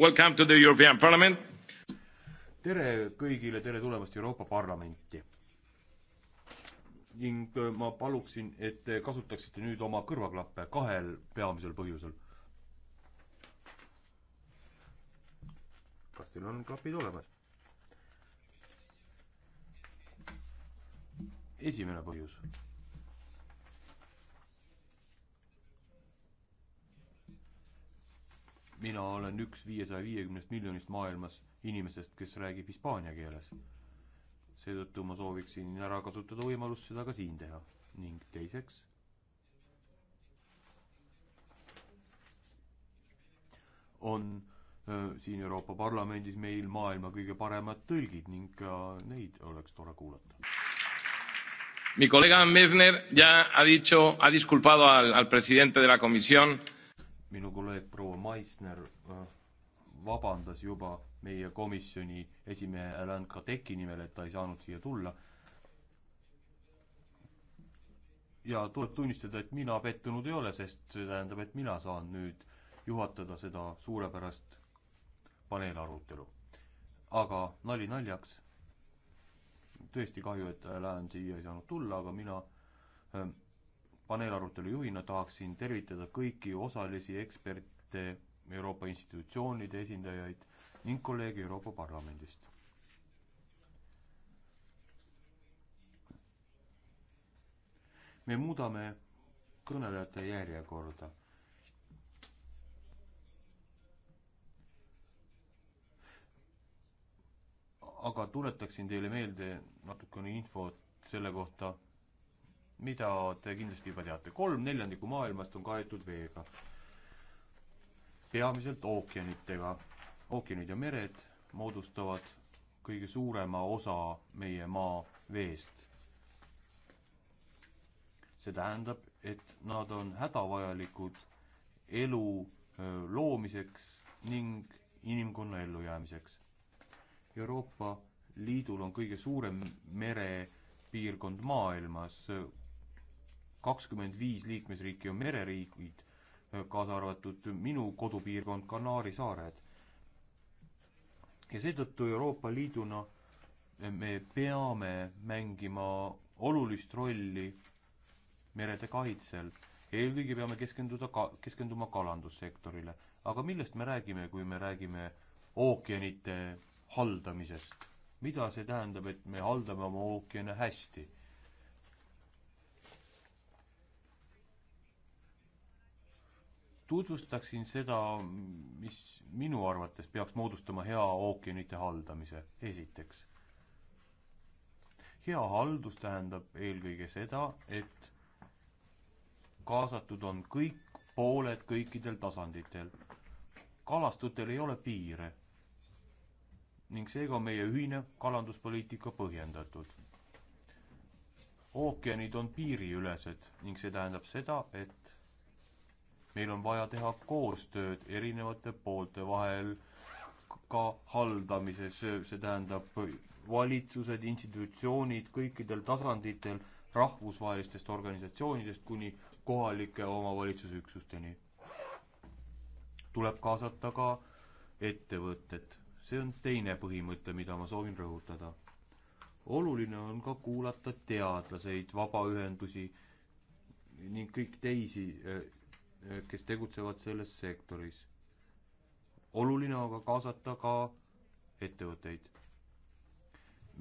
Welcome to the European Parliament. tere kõigile, tere tulemast Euroopa Parlamenti. ning äh, ma paluksin, et te kasutaksite nüüd oma kõrvaklappe kahel peamisel põhjusel. kas teil on klapid olemas? esimene põhjus mina olen üks viiesaja viiekümnest miljonist maailmas inimesest, kes räägib hispaania keeles. seetõttu ma sooviksin ära kasutada võimalust seda ka siin teha. ning teiseks, on öö, siin Euroopa Parlamendis meil maailma kõige paremad tõlgid ning ka neid oleks tore kuulata. Mi colega Messner ya ha dicho, ha disculpado al, al presidente de la comisión minu kolleeg proua Meissner äh, vabandas juba meie komisjoni esimehe Alain Kadeki nimel, et ta ei saanud siia tulla. ja tuleb tunnistada, et mina pettunud ei ole, sest see tähendab, et mina saan nüüd juhatada seda suurepärast paneelarutelu. aga nali naljaks, tõesti kahju, et Alain siia ei saanud tulla, aga mina ähm, paneelarutelu juhina tahaksin tervitada kõiki osalisi eksperte, Euroopa institutsioonide esindajaid ning kolleege Euroopa Parlamendist. me muudame kõnelejate järjekorda. aga tuletaksin teile meelde natukene infot selle kohta mida te kindlasti juba teate, kolm neljandikku maailmast on kaetud veega. peamiselt ookeanitega. ookeanid ja mered moodustavad kõige suurema osa meie maa veest. see tähendab, et nad on hädavajalikud elu loomiseks ning inimkonna ellujäämiseks. Euroopa Liidul on kõige suurem merepiirkond maailmas, kakskümmend viis liikmesriiki on mereriigid, kaasa arvatud minu kodupiirkond Kanaari saared. ja seetõttu Euroopa Liiduna me peame mängima olulist rolli merede kaitsel. eelkõige peame keskenduda ka, keskenduma kalandussektorile. aga millest me räägime, kui me räägime ookeanite haldamisest? mida see tähendab, et me haldame oma ookeane hästi? tutvustaksin seda, mis minu arvates peaks moodustama hea ookeanite haldamise. esiteks, hea haldus tähendab eelkõige seda, et kaasatud on kõik pooled kõikidel tasanditel. kalastutel ei ole piire ning seega on meie ühine kalanduspoliitika põhjendatud. ookeanid on piiriülesed ning see tähendab seda, et meil on vaja teha koostööd erinevate poolte vahel ka haldamises, see tähendab valitsused, institutsioonid kõikidel tasanditel, rahvusvahelistest organisatsioonidest kuni kohalike omavalitsusüksusteni. tuleb kaasata ka ettevõtted, see on teine põhimõte, mida ma soovin rõhutada. oluline on ka kuulata teadlaseid, vabaühendusi ning kõik teisi eh, Eh, kes tegutsevad selles sektoris. oluline on aga kaasata ka ettevõtteid.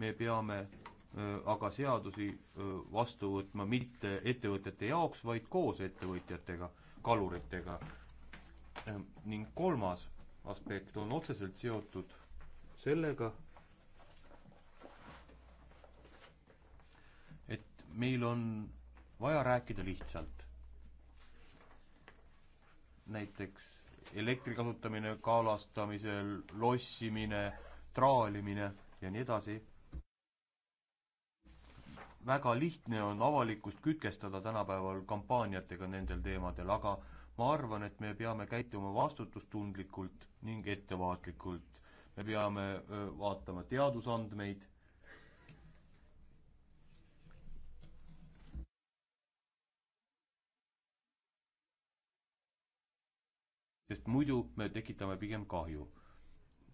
me peame eh, aga seadusi eh, vastu võtma mitte ettevõtete jaoks, vaid koos ettevõtjatega, kaluritega. Ehm, ning kolmas aspekt on otseselt seotud sellega, et meil on vaja rääkida lihtsalt näiteks elektri kasutamine kaalastamisel, lossimine, traalimine ja nii edasi. väga lihtne on avalikkust kütkestada tänapäeval kampaaniatega nendel teemadel, aga ma arvan, et me peame käituma vastutustundlikult ning ettevaatlikult. me peame vaatama teadusandmeid sest muidu me tekitame pigem kahju.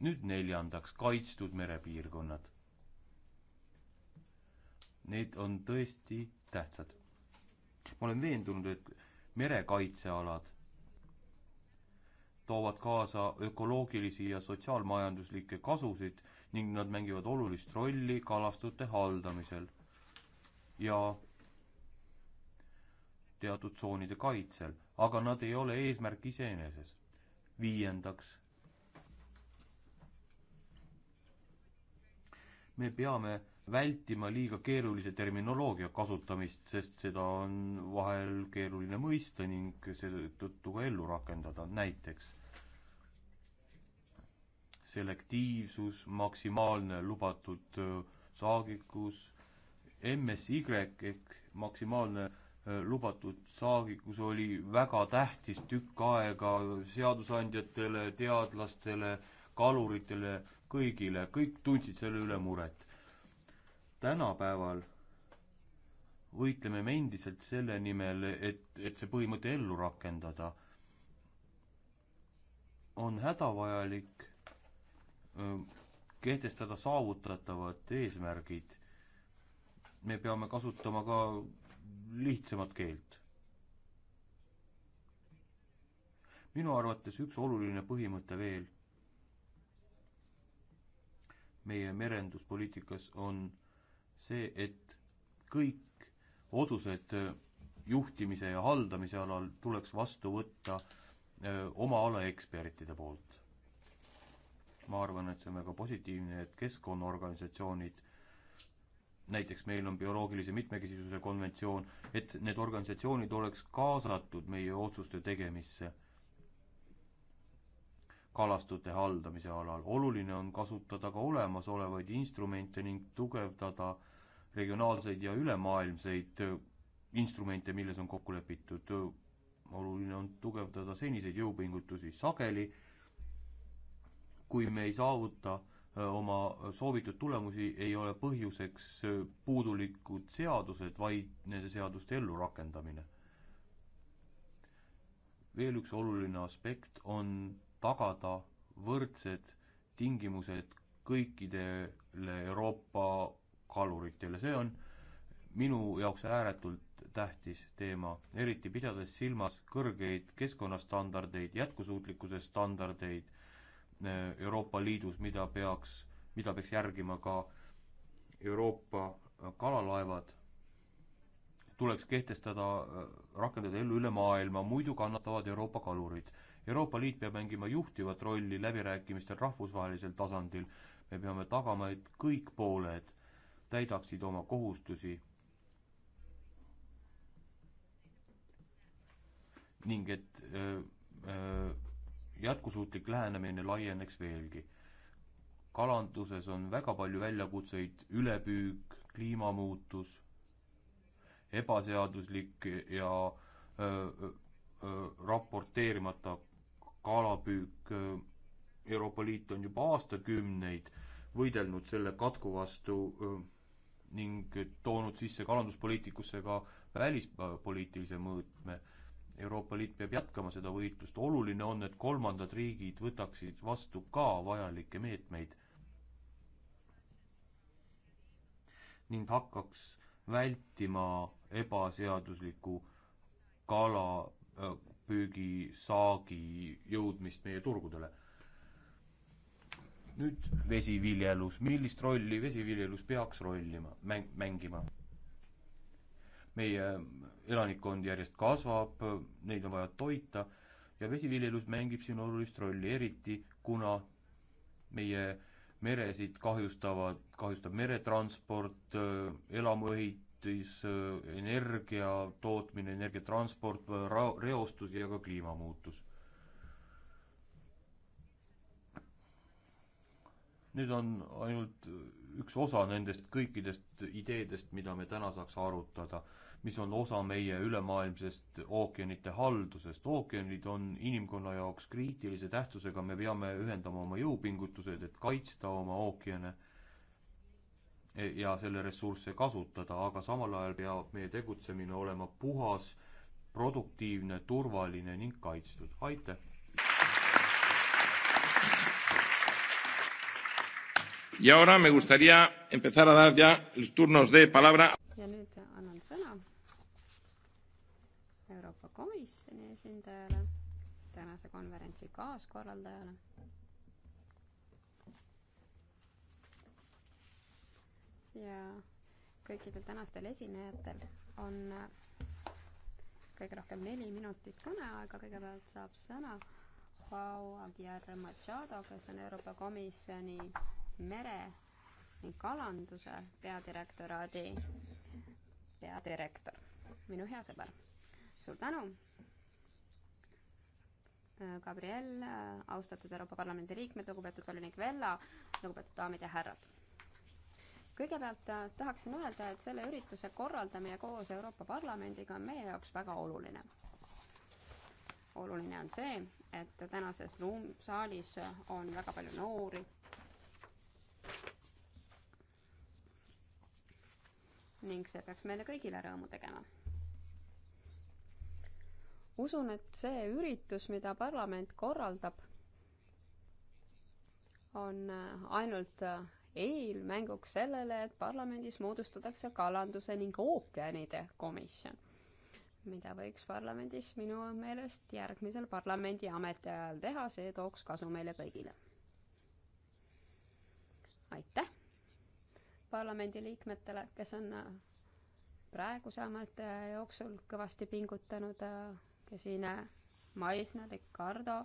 nüüd neljandaks, kaitstud merepiirkonnad. Need on tõesti tähtsad. ma olen veendunud, et merekaitsealad toovad kaasa ökoloogilisi ja sotsiaalmajanduslikke kasusid ning nad mängivad olulist rolli kalastute haldamisel ja teatud tsoonide kaitsel, aga nad ei ole eesmärk iseeneses viiendaks, me peame vältima liiga keerulise terminoloogia kasutamist, sest seda on vahel keeruline mõista ning seetõttu ka ellu rakendada, näiteks selektiivsus, maksimaalne lubatud saagikus, MSY ehk maksimaalne Äh, lubatud saagikus oli väga tähtis tükk aega seadusandjatele, teadlastele, kaluritele, kõigile, kõik tundsid selle üle muret. tänapäeval võitleme me endiselt selle nimel, et, et see põhimõte ellu rakendada. on hädavajalik öö, äh, kehtestada saavutatavad eesmärgid. me peame kasutama ka lihtsamat keelt. minu arvates üks oluline põhimõte veel meie merenduspoliitikas on see, et kõik otsused juhtimise ja haldamise alal tuleks vastu võtta öö, oma ala ekspertide poolt. ma arvan, et see on väga positiivne, et keskkonnaorganisatsioonid näiteks meil on bioloogilise mitmekesisuse konventsioon, et need organisatsioonid oleks kaasatud meie otsuste tegemisse kalastute haldamise alal. oluline on kasutada ka olemasolevaid instrumente ning tugevdada regionaalseid ja ülemaailmseid instrumente, milles on kokku lepitud. oluline on tugevdada seniseid jõupingutusi sageli, kui me ei saavuta Äh, oma soovitud tulemusi, ei ole põhjuseks äh, puudulikud seadused, vaid nende seaduste ellurakendamine. veel üks oluline aspekt on tagada võrdsed tingimused kõikidele Euroopa kaluritele, see on minu jaoks ääretult tähtis teema, eriti pidades silmas kõrgeid keskkonnastandardeid, jätkusuutlikkuse standardeid Äh, Euroopa Liidus, mida peaks, mida peaks järgima ka Euroopa äh, kalalaevad, tuleks kehtestada, äh, rakendada ellu üle maailma, muidu kannatavad Euroopa kalurid. Euroopa Liit peab mängima juhtivat rolli läbirääkimistel rahvusvahelisel tasandil, me peame tagama, et kõik pooled täidaksid oma kohustusi ning et öö, öö, jätkusuutlik lähenemine laieneks veelgi. kalanduses on väga palju väljakutseid, ülepüük, kliimamuutus, ebaseaduslik ja öö, öö, raporteerimata kalapüük, Euroopa Liit on juba aastakümneid võidelnud selle katku vastu öö, ning toonud sisse kalanduspoliitikusse ka välispoliitilise mõõtme Euroopa Liit peab jätkama seda võitlust, oluline on, et kolmandad riigid võtaksid vastu ka vajalikke meetmeid ning hakkaks vältima ebaseadusliku kalapüügisaagi äh, jõudmist meie turgudele. nüüd vesiviljelus, millist rolli vesiviljelus peaks rollima, mäng, mängima? meie elanikkond järjest kasvab, neid on vaja toita ja vesiviljelus mängib siin olulist rolli, eriti kuna meie meresid kahjustavad, kahjustab meretransport, elamuehitis, energia tootmine, energiatransport, reostus ja ka kliimamuutus. Need on ainult üks osa nendest kõikidest ideedest, mida me täna saaks arutada mis on osa meie ülemaailmsest ookeanite haldusest. ookeanid on inimkonna jaoks kriitilise tähtsusega, me peame ühendama oma jõupingutused, et kaitsta oma ookeane ja selle ressursse kasutada, aga samal ajal peab meie tegutsemine olema puhas, produktiivne, turvaline ning kaitstud. aitäh! Y ahora me gustaría empezar a dar ya los turnos de palabra ja nüüd annan sõna Euroopa Komisjoni esindajale, tänase konverentsi kaaskorraldajale. ja kõikidel tänastel esinejatel on kõige rohkem neli minutit kõneaega, kõigepealt saab sõna Joao Aguiar Machado, kes on Euroopa Komisjoni mere ning kalanduse peadirektoraadi peadirektor, minu hea sõber. suur tänu. Äh, Gabriel, äh, austatud Euroopa Parlamendi liikmed, lugupeetud volinik Vella, lugupeetud daamid ja härrad kõigepealt äh, tahaksin öelda, et selle ürituse korraldamine koos Euroopa Parlamendiga on meie jaoks väga oluline. oluline on see, et tänases ruum, saalis on väga palju noori, ning see peaks meile kõigile rõõmu tegema. usun, et see üritus, mida parlament korraldab, on äh, ainult äh, eelmänguks sellele, et parlamendis moodustatakse kalanduse ning ookeanide komisjon, mida võiks parlamendis minu meelest järgmisel parlamendi ametiajal teha, see tooks kasu meile kõigile. aitäh! parlamendiliikmetele, kes on äh, praeguse ametiaja jooksul kõvasti pingutanud, Kesine äh, Maisner, Ricardo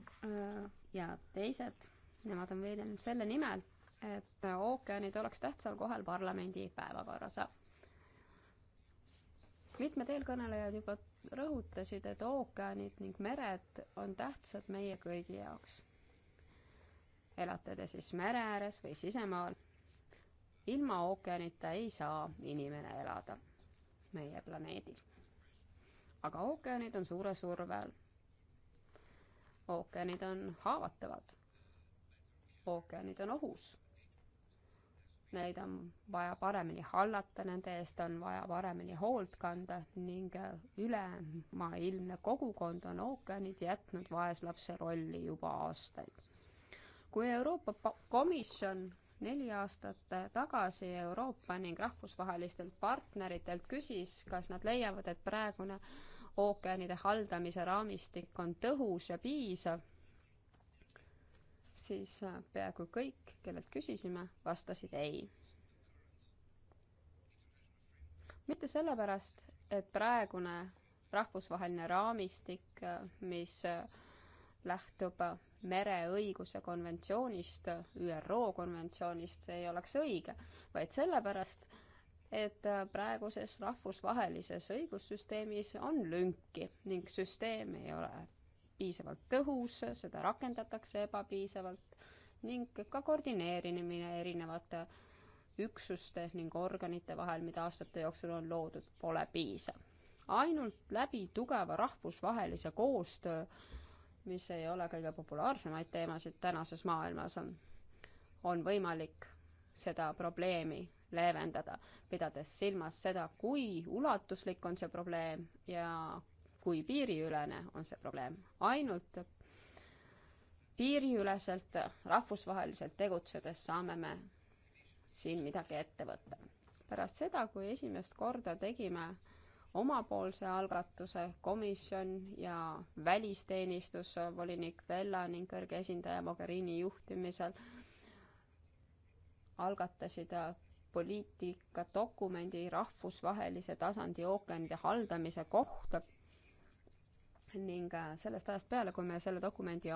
äh, ja teised, nemad on veedelnud selle nimel, et ookeanid oleks tähtsal kohal parlamendi päevakorras. mitmed eelkõnelejad juba rõhutasid, et ookeanid ning mered on tähtsad meie kõigi jaoks. elate te siis mere ääres või sisemaal ilma ookeanita ei saa inimene elada meie planeedil. aga ookeanid on suure surve all. ookeanid on haavatavad. ookeanid on ohus. Neid on vaja paremini hallata, nende eest on vaja paremini hoolt kanda ning ülemaailmne kogukond on ookeanid jätnud vaeslapse rolli juba aastaid. kui Euroopa Komisjon neli aastat tagasi Euroopa ning rahvusvahelistelt partneritelt küsis, kas nad leiavad, et praegune ookeanide haldamise raamistik on tõhus ja piisav, siis äh, peaaegu kõik, kellelt küsisime, vastasid ei. mitte sellepärast, et praegune rahvusvaheline raamistik, äh, mis äh, lähtub mereõiguse konventsioonist, ÜRO konventsioonist, see ei oleks õige, vaid sellepärast, et praeguses rahvusvahelises õigussüsteemis on lünki ning süsteem ei ole piisavalt tõhus, seda rakendatakse ebapiisavalt ning ka koordineerimine erinevate üksuste ning organite vahel, mida aastate jooksul on loodud, pole piisav. ainult läbi tugeva rahvusvahelise koostöö mis ei ole kõige populaarsemaid teemasid tänases maailmas, on võimalik seda probleemi leevendada, pidades silmas seda, kui ulatuslik on see probleem ja kui piiriülene on see probleem. ainult piiriüleselt, rahvusvaheliselt tegutsedes saame me siin midagi ette võtta. pärast seda, kui esimest korda tegime omapoolse algatuse komisjon ja välisteenistus volinik Vella ning kõrge esindaja Mogherini juhtimisel algatasid poliitikadokumendi rahvusvahelise tasandi ookeanide haldamise kohta ning äh, sellest ajast peale, kui me selle dokumendi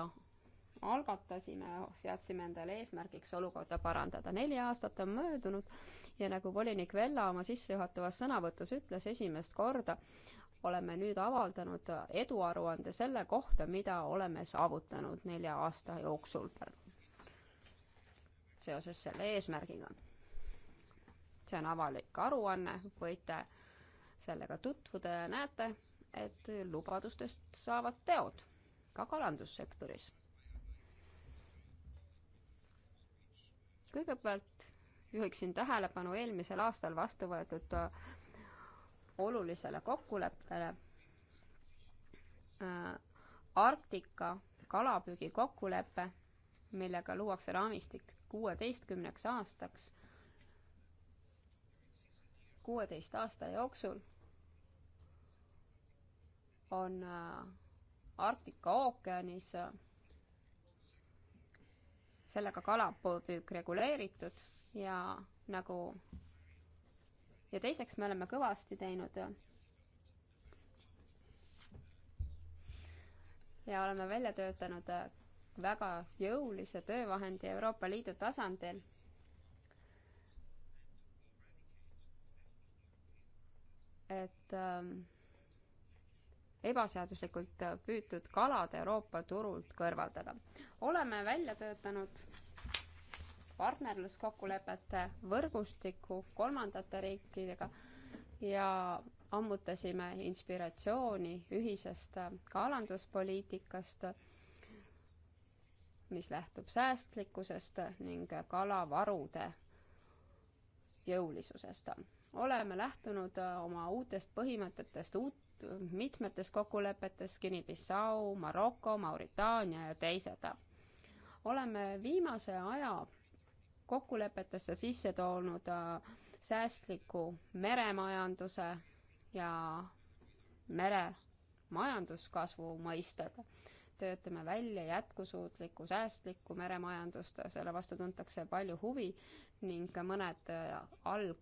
algatasime, seadsime endale eesmärgiks olukorda parandada. neli aastat on möödunud ja nagu volinik Vella oma sissejuhatavas sõnavõtus ütles, esimest korda oleme nüüd avaldanud eduaruande selle kohta, mida oleme saavutanud nelja aasta jooksul seoses selle eesmärgiga. see on avalik aruanne, võite sellega tutvuda ja näete, et lubadustest saavad teod ka kalandussektoris. kõigepealt juhiksin tähelepanu eelmisel aastal vastu võetud äh, olulisele kokkuleppele äh, Arktika kalapüügi kokkulepe, millega luuakse raamistik kuueteistkümneks aastaks, kuueteist aasta jooksul on äh, Arktika ookeanis sellega kalapüük reguleeritud ja nagu ja teiseks me oleme kõvasti teinud ja oleme välja töötanud väga jõulise töövahendi Euroopa Liidu tasandil. et ähm, ebaseaduslikult püütud kalad Euroopa turult kõrvaldada. oleme välja töötanud partnerluskokkulepete võrgustiku kolmandate riikidega ja ammutasime inspiratsiooni ühisest kalanduspoliitikast, mis lähtub säästlikkusest ning kalavarude jõulisusest. oleme lähtunud oma uutest põhimõtetest uut mitmetes kokkulepetes Guinea-Bissau, Maroko, Mauritaania ja teised. oleme viimase aja kokkulepetesse sisse toonud äh, säästliku meremajanduse ja meremajanduskasvu mõisted. töötame välja jätkusuutlikku säästlikku meremajandust, selle vastu tuntakse palju huvi ning mõned äh, alg-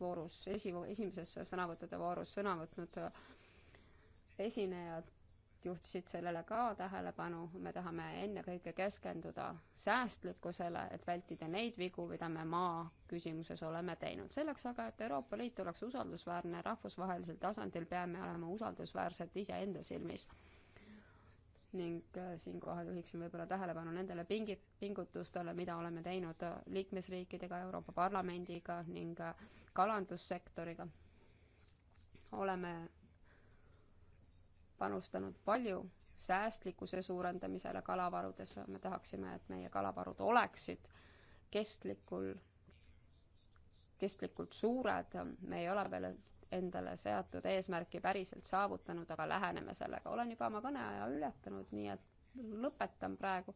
voorus, esi, esimeses sõnavõttude voorus sõna võtnud äh, esinejad juhtisid sellele ka tähelepanu, me tahame ennekõike keskenduda säästlikkusele, et vältida neid vigu, mida me maa küsimuses oleme teinud. selleks aga, et Euroopa Liit oleks usaldusväärne rahvusvahelisel tasandil, peame olema usaldusväärsed iseenda silmis ning äh, siinkohal juhiksin võib-olla tähelepanu nendele pingi-, pingutustele, mida oleme teinud äh, liikmesriikidega, Euroopa Parlamendiga ning äh, kalandussektoriga. oleme panustanud palju säästlikkuse suurendamisele kalavarudes, me tahaksime, et meie kalavarud oleksid kestlikul, kestlikult suured, me ei ole veel endale seatud eesmärki päriselt saavutanud, aga läheneme sellega. olen juba oma kõneaja ületanud, nii et lõpetan praegu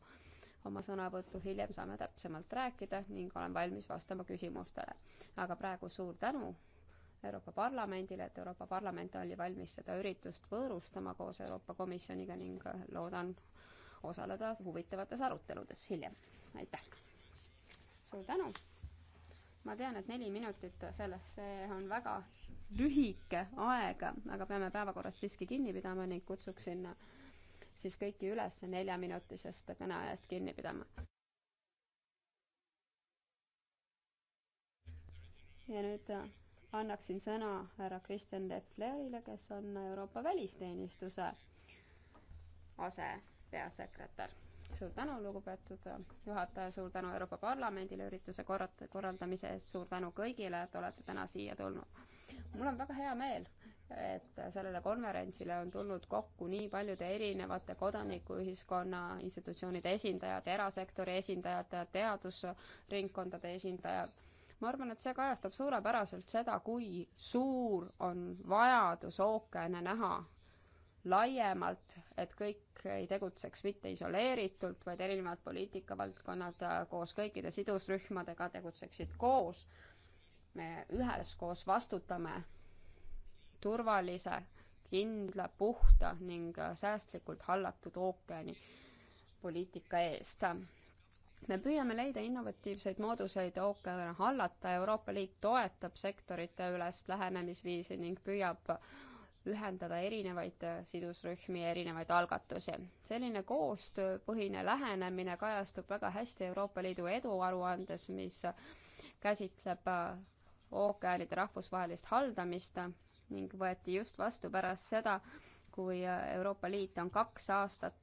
oma sõnavõttu, hiljem saame täpsemalt rääkida ning olen valmis vastama küsimustele. aga praegu suur tänu Euroopa Parlamendile, et Euroopa Parlament oli valmis seda üritust võõrustama koos Euroopa Komisjoniga ning loodan osaleda huvitavates aruteludes hiljem. aitäh! suur tänu! ma tean, et neli minutit selles, see on väga lühike aeg, aga peame päevakorrast siiski kinni pidama ning kutsuksin siis kõiki üles neljaminutisest kõneajast kinni pidama. ja nüüd annaksin sõna härra Kristjan Leflerile, kes on Euroopa Välisteenistuse asepeasekretär suur tänu, lugupeetud juhataja, suur tänu Euroopa Parlamendile ürituse korrat-, korraldamise eest, suur tänu kõigile, et olete täna siia tulnud. mul on väga hea meel, et sellele konverentsile on tulnud kokku nii paljude erinevate kodanikuühiskonna institutsioonide esindajad, erasektori esindajad, teadusringkondade esindajad. ma arvan, et see kajastab suurepäraselt seda, kui suur on vajadus ookeane näha laiemalt, et kõik ei tegutseks mitte isoleeritult, vaid erinevad poliitikavaldkonnad äh, koos kõikide sidusrühmadega tegutseksid koos. me üheskoos vastutame turvalise, kindla, puhta ning äh, säästlikult hallatud ookeani poliitika eest. me püüame leida innovatiivseid mooduseid ookeane hallata, Euroopa Liit toetab sektorite ülest lähenemisviisi ning püüab äh, ühendada erinevaid äh, sidusrühmi ja erinevaid algatusi. selline koostööpõhine lähenemine kajastub väga hästi Euroopa Liidu eduaruandes, mis käsitleb äh, ookeanide rahvusvahelist haldamist ning võeti just vastu pärast seda, kui äh, Euroopa Liit on kaks aastat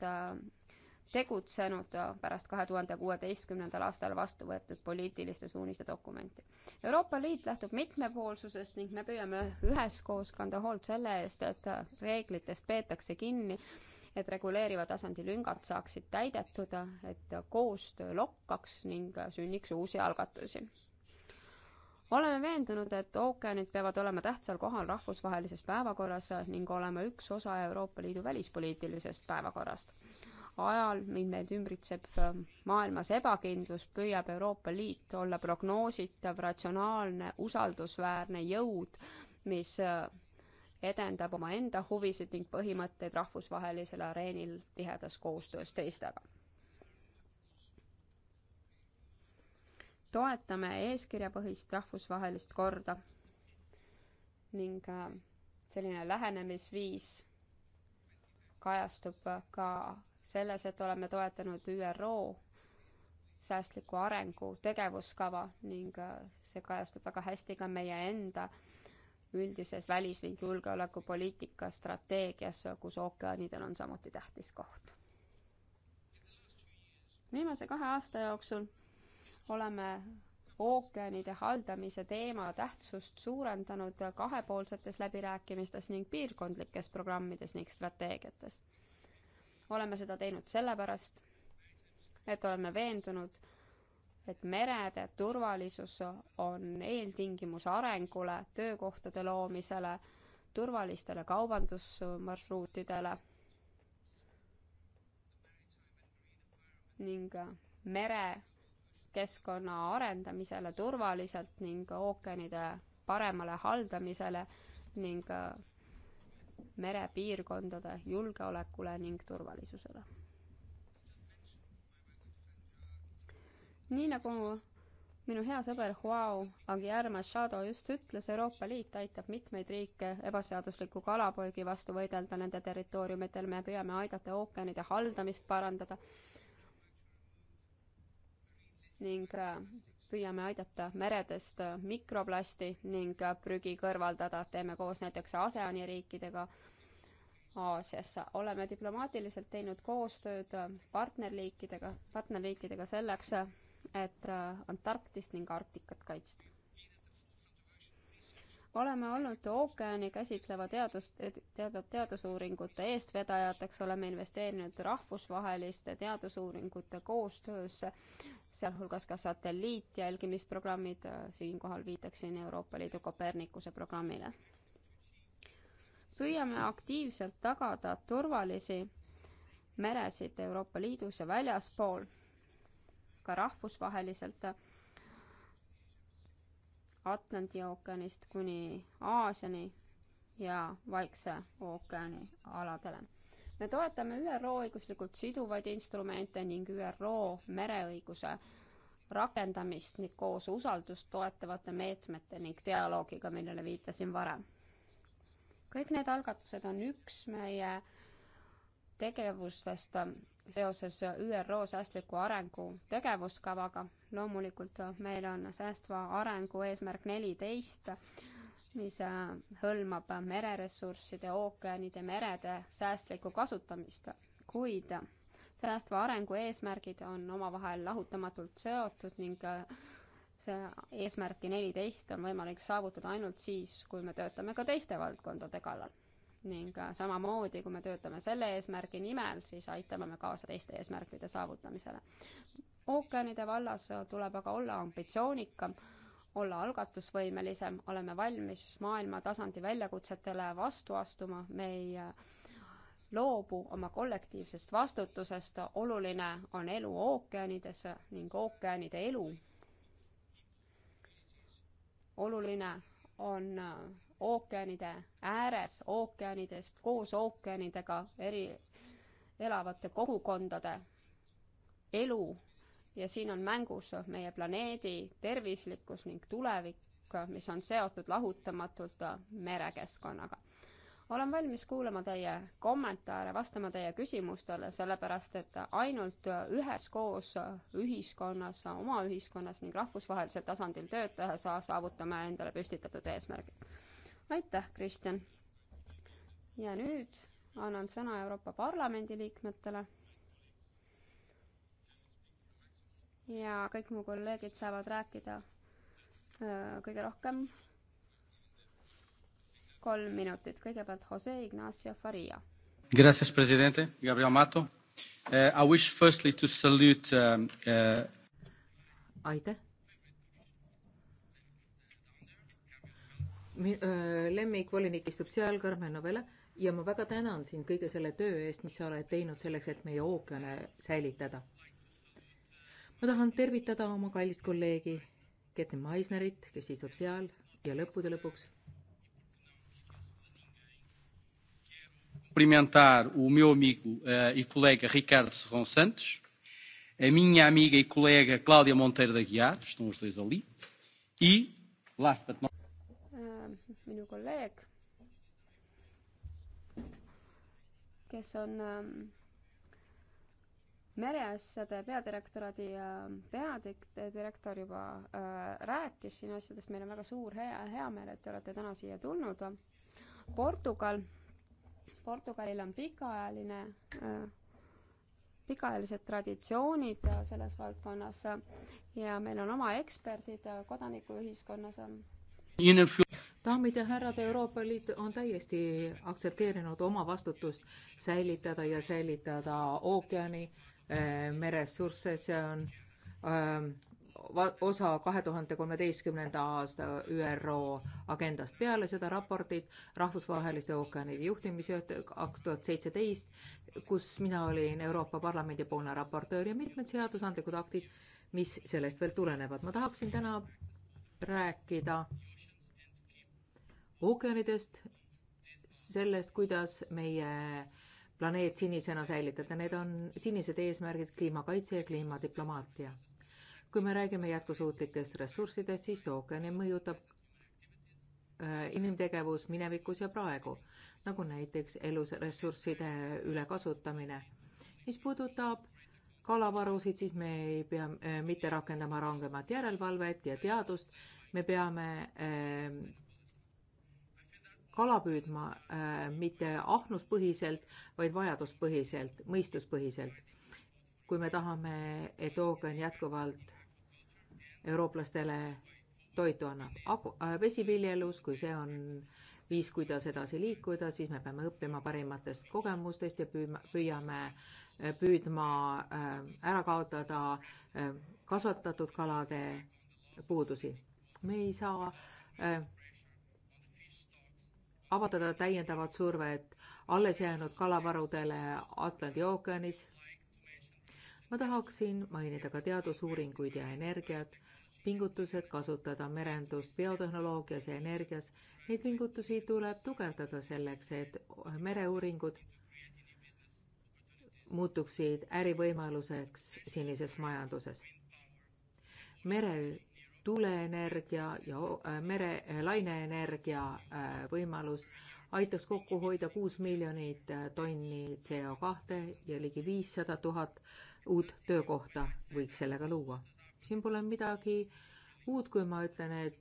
tegutsenud äh, pärast kahe tuhande kuueteistkümnendal aastal vastu võetud poliitiliste suuniste dokumenti. Euroopa Liit lähtub mitmepoolsusest ning me püüame üheskoos kanda hoolt selle eest, et äh, reeglitest peetakse kinni, et reguleeriva tasandi lüngad saaksid täidetud, et koostöö lokkaks ning sünniks uusi algatusi oleme veendunud, et ookeanid peavad olema tähtsal kohal rahvusvahelises päevakorras ning olema üks osa Euroopa Liidu välispoliitilisest päevakorrast ajal, mil meid ümbritseb ähm, maailmas ebakindlus, püüab Euroopa Liit olla prognoositav, ratsionaalne, usaldusväärne jõud, mis äh, edendab omaenda huvisid ning põhimõtteid rahvusvahelisel areenil tihedas koostöös teistega. toetame eeskirjapõhist rahvusvahelist korda ning äh, selline lähenemisviis kajastub ka selles, et oleme toetanud ÜRO säästliku arengu tegevuskava ning äh, see kajastub väga hästi ka meie enda üldises välis- ning julgeolekupoliitika strateegias, kus ookeanidel on samuti tähtis koht. viimase kahe aasta jooksul oleme ookeanide haldamise teema tähtsust suurendanud kahepoolsetes läbirääkimistes ning piirkondlikes programmides ning strateegiates oleme seda teinud sellepärast, et oleme veendunud, et merede turvalisus on eeltingimus arengule, töökohtade loomisele, turvalistele kaubandusmarsruutidele ning merekeskkonna arendamisele turvaliselt ning ookeanide paremale haldamisele ning merepiirkondade julgeolekule ning turvalisusele. nii nagu minu hea sõber Joao Aguiar Machado just ütles, Euroopa Liit aitab mitmeid riike ebaseadusliku kalapüügi vastu võidelda nende territooriumitel, me püüame aidata ookeanide haldamist parandada ning äh, püüame aidata meredest mikroplasti ning prügi kõrvaldada, teeme koos näiteks ASEAN-i riikidega Aasiasse. oleme diplomaatiliselt teinud koostööd partnerriikidega, partnerriikidega selleks, et Antarktist ning Arktikat kaitsta oleme olnud ookeani käsitleva teadus, tead-, teadusuuringute eestvedajateks, oleme investeerinud rahvusvaheliste teadusuuringute koostöösse, sealhulgas ka satelliitjälgimisprogrammid, siinkohal viitaksin Euroopa Liidu Kopernikuse programmile. püüame aktiivselt tagada turvalisi meresid Euroopa Liidus ja väljaspool, ka rahvusvaheliselt Atlandi ookeanist kuni Aasiani ja Vaikse ookeani aladele. me toetame ÜRO õiguslikult siduvaid instrumente ning ÜRO mereõiguse rakendamist ning koos usaldust toetavate meetmete ning dialoogiga, millele viitasin varem. kõik need algatused on üks meie tegevustest seoses ÜRO säästliku arengu tegevuskavaga. loomulikult meil on säästva arengu eesmärk neliteist, mis äh, hõlmab mereressursside, ookeanide, merede säästlikku kasutamist, kuid säästva arengu eesmärgid on omavahel lahutamatult seotud ning äh, see eesmärki neliteist on võimalik saavutada ainult siis, kui me töötame ka teiste valdkondade kallal ning äh, samamoodi, kui me töötame selle eesmärgi nimel, siis aitame me kaasa teiste eesmärkide saavutamisele. ookeanide vallas äh, tuleb aga olla ambitsioonikam, olla algatusvõimelisem, oleme valmis maailma tasandi väljakutsetele vastu astuma, me ei äh, loobu oma kollektiivsest vastutusest, oluline on elu ookeanides ning ookeanide elu. oluline on ookeanide ääres, ookeanidest koos ookeanidega eri elavate kogukondade elu ja siin on mängus meie planeedi tervislikkus ning tulevik, mis on seotud lahutamatult merekeskkonnaga. olen valmis kuulama teie kommentaare, vastama teie küsimustele, sellepärast et ainult üheskoos ühiskonnas, oma ühiskonnas ning rahvusvahelisel tasandil tööd tehes saavutame endale püstitatud eesmärgid aitäh, Kristjan! ja nüüd annan sõna Euroopa Parlamendi liikmetele. ja kõik mu kolleegid saavad rääkida äh, kõige rohkem kolm minutit, kõigepealt Jose Ignacio Faria. Gracias, presidente, Gabriel Mato uh,. I wish firstly to salute um, uh... aitäh lemmikvolinik istub seal, Karmen Novela, ja ma väga tänan sind kõige selle töö eest, mis sa oled teinud selleks, et meie ookeane säilitada. ma tahan tervitada oma kallist kolleegi Ketni Maisnerit, kes istub seal ja lõppude lõpuks. cumprimentar o meu amigo uh, e colega Ricardo Serrão Santos, a minha amiga e colega Cláudia Monteiro da Guiar, estão os dois ali, e, last but not minu kolleeg, kes on ähm, mereasjade peadirektoraadi ähm, peadirektor eh, juba äh, rääkis siin asjadest, meil on väga suur hea, hea meel, et te olete täna siia tulnud. Portugal, Portugalil on pikaajaline äh, pikaajalised traditsioonid äh, selles valdkonnas ja meil on oma eksperdid äh, kodanikuühiskonnas. Ähm daamid ja härrad, Euroopa Liit on täiesti aktsepteerinud oma vastutust säilitada ja säilitada ookeani äh,, meressursse, see on äh, osa kahe tuhande kolmeteistkümnenda aasta ÜRO agendast. peale seda raportit rahvusvaheliste ookeanide juhtimise kaks tuhat seitseteist, kus mina olin Euroopa Parlamendi poolne raportöör ja mitmed seadusandlikud aktid, mis sellest veel tulenevad. ma tahaksin täna rääkida äh, ookeanidest, sellest, kuidas meie planeet sinisena säilitada, need on sinised eesmärgid kliimakaitse ja kliimadiplomaatia. kui me räägime jätkusuutlikest ressurssidest, siis ookeani mõjutab äh, inimtegevus minevikus ja praegu, nagu näiteks elusressursside ülekasutamine. mis puudutab kalavarusid, siis me ei pea äh, mitte rakendama rangemat järelevalvet ja teadust, me peame äh, kala püüdma äh, mitte ahnuspõhiselt, vaid vajaduspõhiselt, mõistuspõhiselt. kui me tahame, et ookean jätkuvalt eurooplastele toitu annab, äh, vesiviljelus, kui see on viis, kuidas edasi liikuda, siis me peame õppima parimatest kogemustest ja püüma, püüame, äh, püüdma ära kaotada kasvatatud kalade puudusi. me ei saa avaldada täiendavat survet alles jäänud kalavarudele Atlandi ookeanis. ma tahaksin mainida ka teadusuuringuid ja energiat, pingutused kasutada merendust biotehnoloogias ja energias. Neid pingutusi tuleb tugevdada selleks, et mereuuringud muutuksid ärivõimaluseks sinises majanduses. mere tuuleenergia ja äh, mere, äh, laineenergia äh, võimalus aitaks kokku hoida kuus miljonit tonni CO kahte ja ligi viissada tuhat uut töökohta võiks sellega luua. siin pole midagi uut, kui ma ütlen, et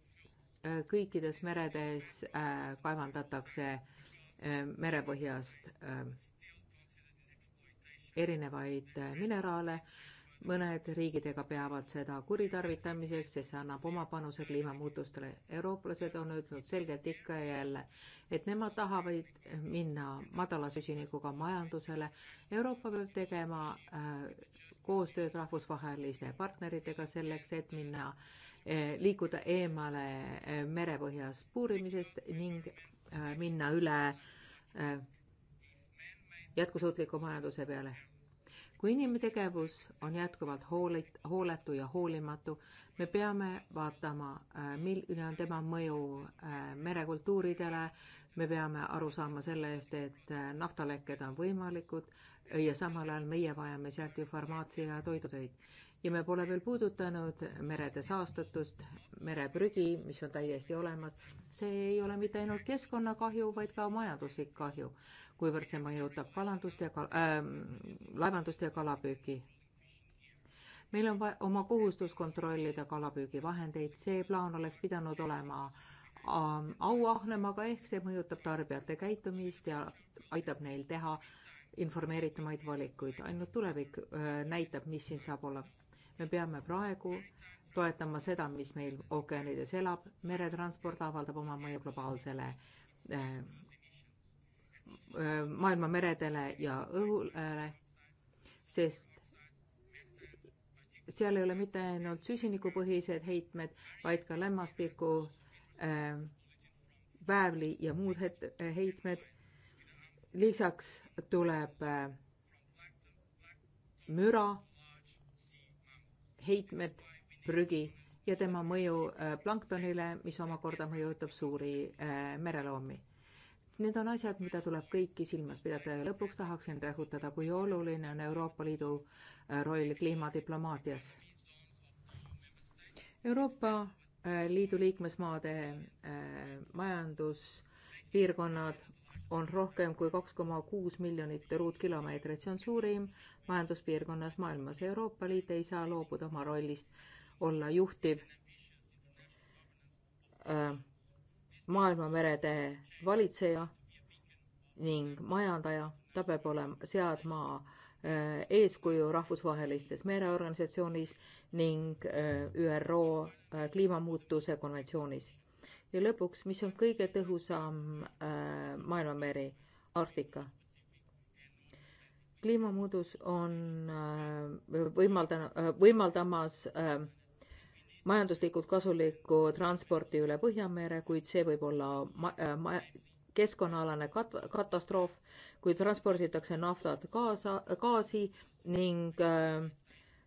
kõikides meredes kaevandatakse merepõhjast erinevaid mineraale mõned riigid aga peavad seda kuritarvitamiseks, sest see annab oma panuse kliimamuutustele. eurooplased on öelnud selgelt ikka ja jälle, et nemad tahavad minna madala süsinikuga majandusele. Euroopa peab tegema äh, koostööd rahvusvaheliste partneritega selleks, et minna, äh, liikuda eemale äh, merepõhjas puurimisest ning minna üle jätkusuutliku majanduse peale kui inimtegevus on jätkuvalt hoolit-, hooletu ja hoolimatu, me peame vaatama, äh, milline on tema mõju äh, merekultuuridele, me peame aru saama selle eest, et äh, naftalekked on võimalikud ja samal ajal meie vajame sealt ju farmaatsia ja toidutöid ja me pole veel puudutanud merede saastatust, mereprügi, mis on täiesti olemas. see ei ole mitte ainult keskkonnakahju, vaid ka majanduslik kahju, kuivõrd see mõjutab kalandust ja kal- äh,, laevandust ja kalapüüki. meil on vaja oma kohustus kontrollida kalapüügivahendeid, see plaan oleks pidanud olema äh, auahnemaga, ehk see mõjutab tarbijate käitumist ja aitab neil teha informeeritumaid valikuid, ainult tulevik äh, näitab, mis siin saab olla me peame praegu toetama seda, mis meil ookeanides elab, meretransport avaldab oma mõju globaalsele äh, maailma meredele ja õhule, sest seal ei ole mitte ainult süsinikupõhised heitmed, vaid ka lämmastiku äh,, väävli ja muud het-, heitmed. lisaks tuleb äh, müra heitmed, prügi ja tema mõju äh, planktonile, mis omakorda mõjutab suuri äh, mereloomi. Need on asjad, mida tuleb kõiki silmas pidada ja lõpuks tahaksin rõhutada, kui oluline on Euroopa Liidu äh, roll kliimadiplomaatias. Euroopa Liidu liikmesmaade majanduspiirkonnad on rohkem kui kaks koma kuus miljonit ruutkilomeetrit, see on suurim majanduspiirkonnas maailmas. Euroopa Liit ei saa loobuda oma rollist olla juhtiv äh, maailmamerede valitseja ning majandaja, ta peab olema, seadma äh, eeskuju rahvusvahelistes mereorganisatsioonis ning äh, ÜRO kliimamuutuse konventsioonis ja lõpuks, mis on kõige tõhusam äh, maailmameri, Arktika. kliimamuutus on äh, võimaldanud äh,, võimaldamas äh, majanduslikult kasulikku transporti üle Põhjamere, kuid see võib olla ma-, äh, ma-, keskkonnaalane kat-, katastroof, kui transporditakse naftat kaasa, gaasi ning äh,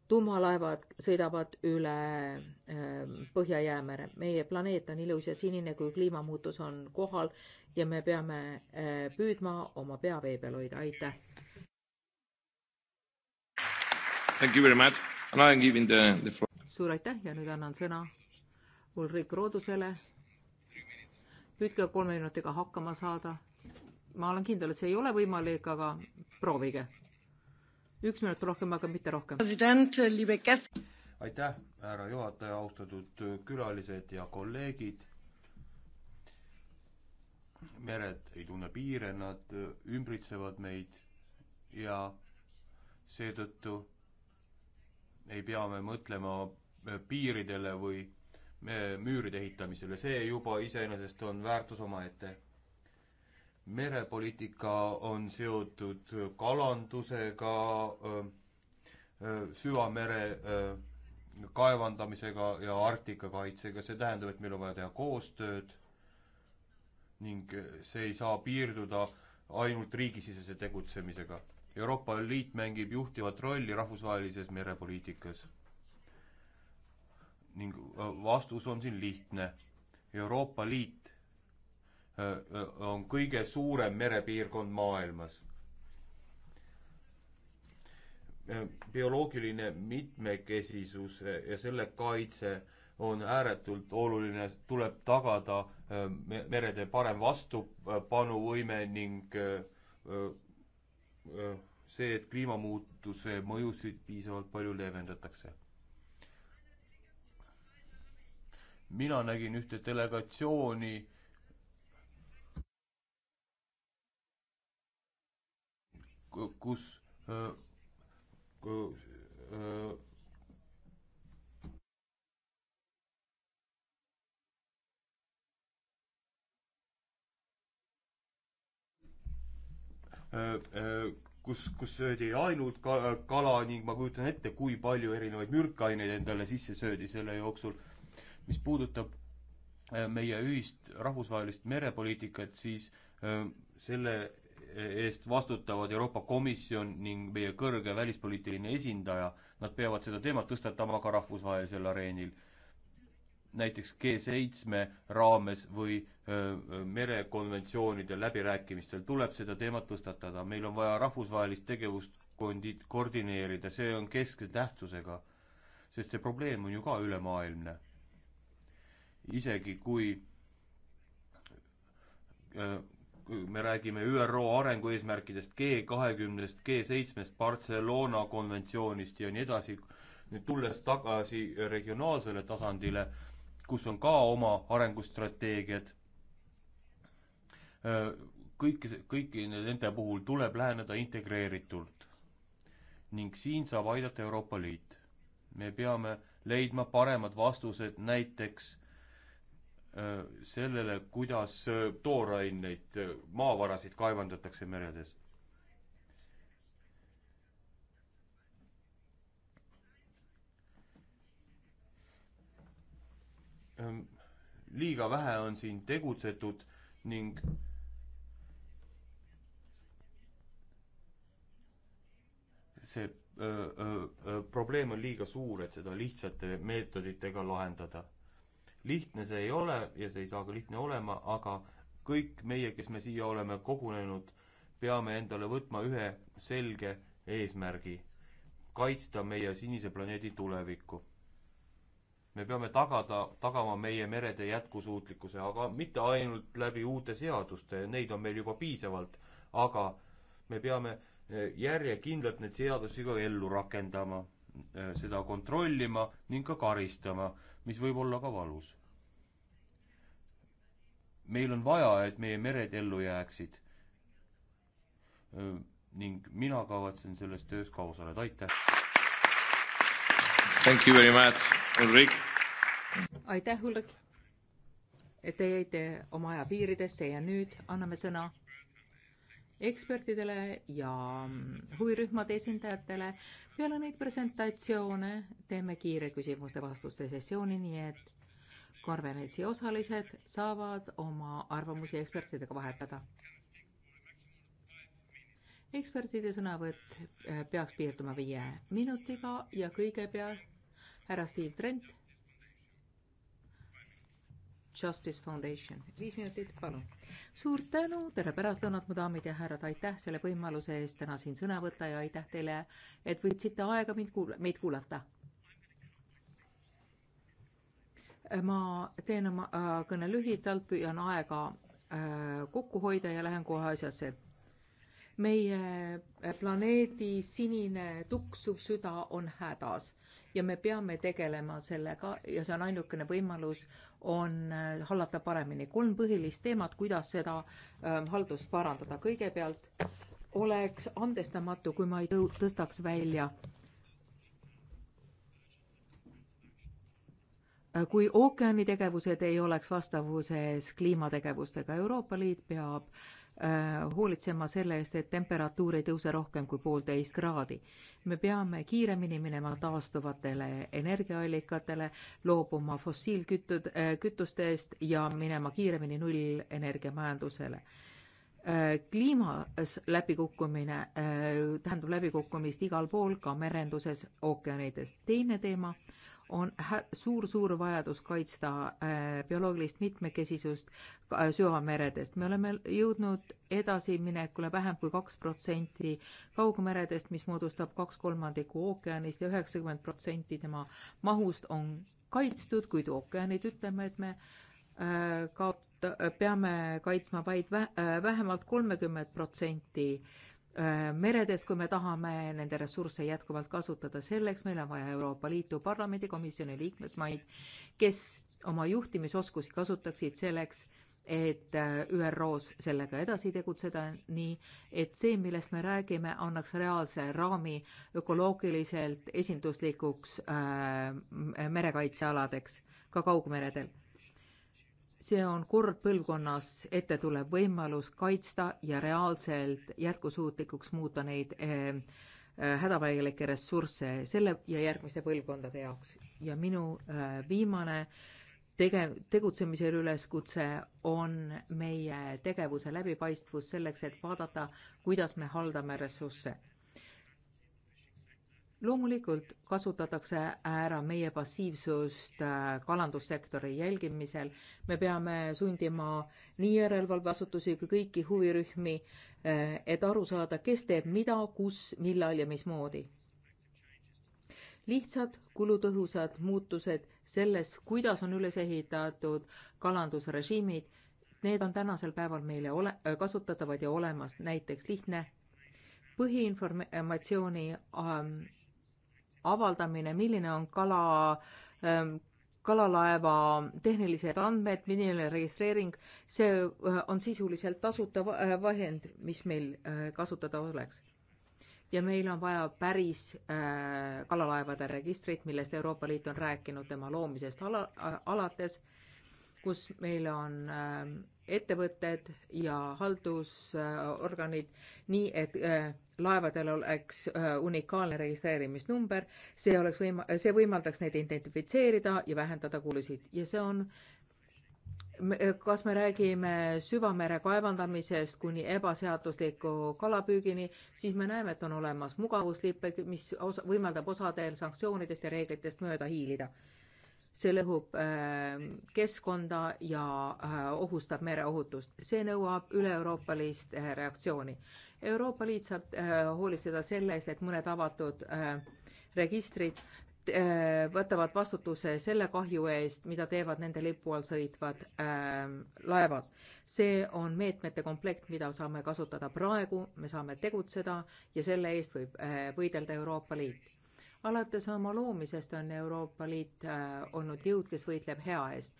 tuumalaevad sõidavad üle äh, Põhja-Jäämere. meie planeet on ilus ja sinine, kui kliimamuutus on kohal ja me peame äh, püüdma oma pea vee peal hoida. aitäh! suur aitäh ja nüüd annan sõna Ulrik Roodusele. püüdke kolme minutiga hakkama saada. ma olen kindel, et see ei ole võimalik, aga proovige üks minut rohkem, aga mitte rohkem. aitäh, härra juhataja, austatud külalised ja kolleegid. mered ei tunne piire, nad ümbritsevad meid ja seetõttu ei pea me mõtlema piiridele või müüride ehitamisele, see juba iseenesest on väärtus omaette merepoliitika on seotud kalandusega, süvamere kaevandamisega ja Arktika kaitsega, see tähendab, et meil on vaja teha koostööd ning see ei saa piirduda ainult riigisisese tegutsemisega. Euroopa Liit mängib juhtivat rolli rahvusvahelises merepoliitikas. ning vastus on siin lihtne. Euroopa Liit on kõige suurem merepiirkond maailmas. bioloogiline mitmekesisus ja selle kaitse on ääretult oluline, tuleb tagada merede parem vastupanuvõime ning see, et kliimamuutuse mõjusid piisavalt palju leevendatakse. mina nägin ühte delegatsiooni kus öö, öö, kus, kus söödi ainult ka-, kala ning ma kujutan ette, kui palju erinevaid mürkaineid endale sisse söödi selle jooksul. mis puudutab meie ühist rahvusvahelist merepoliitikat, siis selle eest vastutavad Euroopa Komisjon ning meie kõrge välispoliitiline esindaja, nad peavad seda teemat tõstatama ka rahvusvahelisel areenil. näiteks G7 raames või merekonventsioonide läbirääkimistel tuleb seda teemat tõstatada, meil on vaja rahvusvahelist tegevust kondi-, koordineerida, see on keskse tähtsusega. sest see probleem on ju ka ülemaailmne. isegi kui öö, me räägime ÜRO arengueesmärkidest, G kahekümnest, G seitsmest, Barcelona konventsioonist ja nii edasi, nüüd tulles tagasi regionaalsele tasandile, kus on ka oma arengustrateegiad, kõik, kõiki nende puhul tuleb läheneda integreeritult. ning siin saab aidata Euroopa Liit. me peame leidma paremad vastused näiteks Äh, sellele, kuidas äh, tooraineid, äh, maavarasid kaevandatakse meredes. Ähm, liiga vähe on siin tegutsetud ning see öö, öö, probleem on liiga suur, et seda lihtsate meetoditega lahendada lihtne see ei ole ja see ei saa ka lihtne olema, aga kõik meie, kes me siia oleme kogunenud, peame endale võtma ühe selge eesmärgi, kaitsta meie sinise planeedi tulevikku. me peame tagada, tagama meie merede jätkusuutlikkuse, aga mitte ainult läbi uute seaduste, neid on meil juba piisavalt, aga me peame eh, järjekindlalt neid seadusi ka ellu rakendama Äh, seda kontrollima ning ka karistama, mis võib olla ka valus. meil on vaja, et meie mered ellu jääksid. Äh, ning mina kavatsen selles töös ka osaleda, aitäh! Thank you very much, Ulrik! aitäh, Ulrik! Te jäite oma aja piiridesse ja nüüd anname sõna ekspertidele ja huvirühmade esindajatele. peale neid presentatsioone teeme kiire küsimuste-vastuste sessiooni, nii et konverentsi osalised saavad oma arvamusi ekspertidega vahetada. ekspertide sõnavõtt äh, peaks piirduma viie minutiga ja kõigepealt härra Steve Trent Justice Foundation. viis minutit, palun. suur tänu, tere pärastlõunat, mu daamid ja härrad, aitäh selle võimaluse eest täna siin sõna võtta ja aitäh teile, et võtsite aega mind kuula-, meid kuulata. ma teen oma äh, kõne lühidalt, püüan aega äh, kokku hoida ja lähen kohe asjasse. meie planeedi sinine tuksuv süda on hädas ja me peame tegelema sellega ja see on ainukene võimalus, on äh, hallata paremini. kolm põhilist teemat, kuidas seda äh, haldust parandada. kõigepealt oleks andestamatu, kui ma ei tõu-, tõstaks välja äh, kui ookeani tegevused ei oleks vastavuses kliimategevustega, Euroopa Liit peab äh, Äh, hoolitsema selle eest, et temperatuur ei tõuse rohkem kui poolteist kraadi. me peame kiiremini minema taastuvatele energiaallikatele, loobuma fossiilkütud, äh, kütuste eest ja minema kiiremini nullenergiamajandusele äh, kliimas läbikukkumine tähendab läbikukkumist igal pool, ka merenduses, ookeanides. teine teema on suur-suur vajadus kaitsta äh, bioloogilist mitmekesisust äh, süvameredest. me oleme jõudnud edasiminekule vähem kui kaks protsenti kaugmeredest, mis moodustab kaks kolmandikku ookeanist ja üheksakümmend protsenti tema mahust on kaitstud, kuid ookeanid ütleme, et me äh, kaot-, peame kaitsma vaid vä-, vähemalt kolmekümmet protsenti Äh, meredest, kui me tahame nende ressursse jätkuvalt kasutada. selleks meil on vaja Euroopa Liitu Parlamendi komisjoni liikmesmaid, kes oma juhtimisoskusi kasutaksid selleks, et äh, ÜRO-s sellega edasi tegutseda, nii et see, millest me räägime, annaks reaalse raami ökoloogiliselt esinduslikuks äh, merekaitsealadeks ka kaugmeredel see on kord põlvkonnas ette tulev võimalus kaitsta ja reaalselt jätkusuutlikuks muuta neid eh, eh hädavajalikke ressursse selle ja järgmiste põlvkondade jaoks. ja minu eh, viimane tege-, tegutsemisel üleskutse on meie tegevuse läbipaistvus selleks, et vaadata, kuidas me haldame ressursse loomulikult kasutatakse ära meie passiivsust äh, kalandussektori jälgimisel. me peame sundima nii järelevalveasutusi kui kõiki huvirühmi, äh, et aru saada, kes teeb mida, kus, millal ja mismoodi. lihtsad kulutõhusad muutused selles, kuidas on üles ehitatud kalandusrežiimid, need on tänasel päeval meile ole-, äh, kasutatavad ja olemas, näiteks lihtne põhiinformatsiooni ähm, avaldamine, milline on kala, ähm, kalalaeva tehnilised andmed, milline registreering, see äh, on sisuliselt tasuta äh, vahend, mis meil äh, kasutada oleks ja meil on vaja päris äh, kalalaevade registrit, millest Euroopa Liit on rääkinud tema loomisest ala, äh, alates, kus meil on äh, ettevõtted ja haldusorganid, nii et äh, laevadel oleks äh, unikaalne registreerimisnumber, see oleks võima-, see võimaldaks neid identifitseerida ja vähendada kulusid ja see on kas me räägime süvamere kaevandamisest kuni ebaseadusliku kalapüügini, siis me näeme, et on olemas mugavuslipp, mis osa, võimaldab osadel sanktsioonidest ja reeglitest mööda hiilida see lõhub äh, keskkonda ja äh, ohustab mereohutust. see nõuab üle-euroopalist äh, reaktsiooni. Euroopa Liit saab hoolitseda selle eest, et mõned avatud registrid võtavad vastutuse selle kahju eest, mida teevad nende lipu all sõitvad äh, laevad. see on meetmete komplekt, mida saame kasutada praegu, me saame tegutseda ja selle eest võib äh, võidelda Euroopa Liit alates oma loomisest on Euroopa Liit äh, olnud jõud, kes võitleb hea eest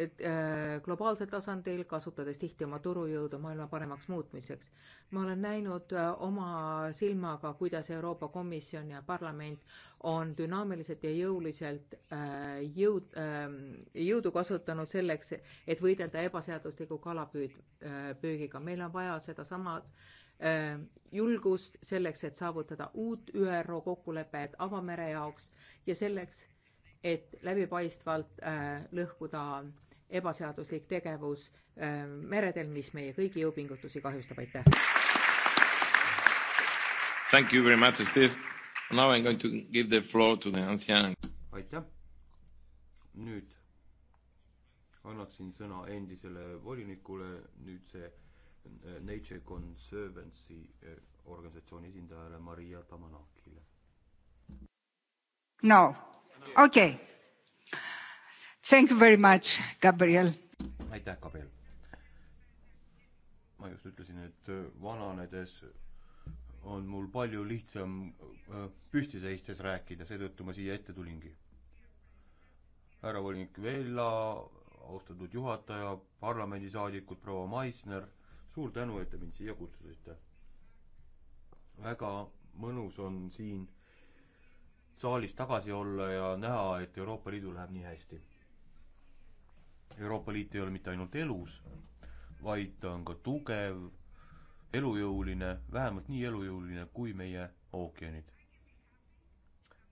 et äh, globaalsel tasandil, kasutades tihti oma turujõudu maailma paremaks muutmiseks. ma olen näinud äh, oma silmaga, kuidas Euroopa Komisjon ja parlament on dünaamiliselt ja jõuliselt äh, jõud, ähm, jõudu kasutanud selleks, et võidelda ebaseadusliku kalapüüd, äh, püügiga. meil on vaja sedasama Äh, julgust selleks, et saavutada uut ÜRO kokkulepet avamere jaoks ja selleks, et läbipaistvalt äh, lõhkuda ebaseaduslik tegevus äh, meredel, mis meie kõigi jõupingutusi kahjustab, aitäh. Thank you very much, Steve. Now I am going to give the floor to the ancien. aitäh. nüüd annaksin sõna endisele volinikule, nüüd see Nature Conservancy eh, organisatsiooni esindajale Maria Tamanakile. no okei okay.. Thank you very much, Gabriel. aitäh, Gabriel. ma just ütlesin, et eh, vananedes on mul palju lihtsam eh, püsti seistes rääkida, seetõttu ma siia ette tulingi. härra volinik Vella, austatud juhataja, parlamendisaadikud, proua Maisner suur tänu, et te mind siia kutsusite. väga mõnus on siin saalis tagasi olla ja näha, et Euroopa Liidul läheb nii hästi. Euroopa Liit ei ole mitte ainult elus, vaid ta on ka tugev, elujõuline, vähemalt nii elujõuline kui meie ookeanid.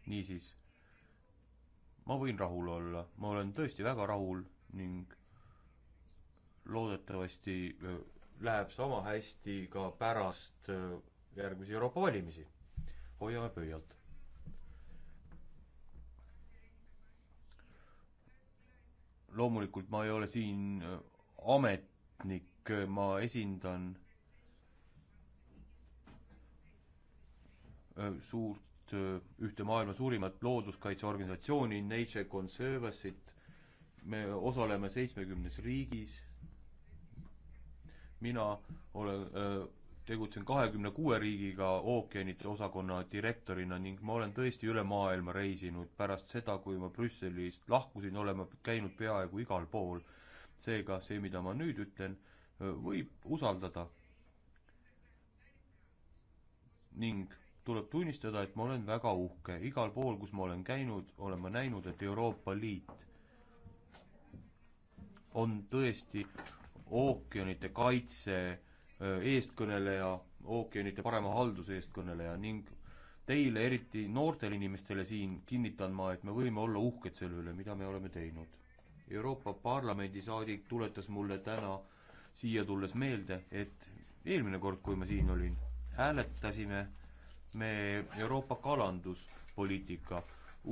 niisiis, ma võin rahul olla, ma olen tõesti väga rahul ning loodetavasti läheb sama hästi ka pärast äh, järgmisi Euroopa valimisi. hoiame pöialt. loomulikult ma ei ole siin äh, ametnik, äh, ma esindan suurt, ühte maailma suurimat looduskaitseorganisatsiooni, Nature Conservancy't, me osaleme seitsmekümnes riigis mina olen, äh, tegutsen kahekümne kuue riigiga ookeanide osakonna direktorina ning ma olen tõesti üle maailma reisinud. pärast seda, kui ma Brüsselist lahkusin, olen ma käinud peaaegu igal pool. seega see, mida ma nüüd ütlen, äh, võib usaldada. ning tuleb tunnistada, et ma olen väga uhke. igal pool, kus ma olen käinud, olen ma näinud, et Euroopa Liit on tõesti ookeanite kaitse eestkõneleja, ookeanite parema halduse eestkõneleja ning teile, eriti noortele inimestele siin, kinnitan ma, et me võime olla uhked selle üle, mida me oleme teinud. Euroopa Parlamendi saadik tuletas mulle täna siia tulles meelde, et eelmine kord, kui ma siin olin, hääletasime me Euroopa kalanduspoliitika,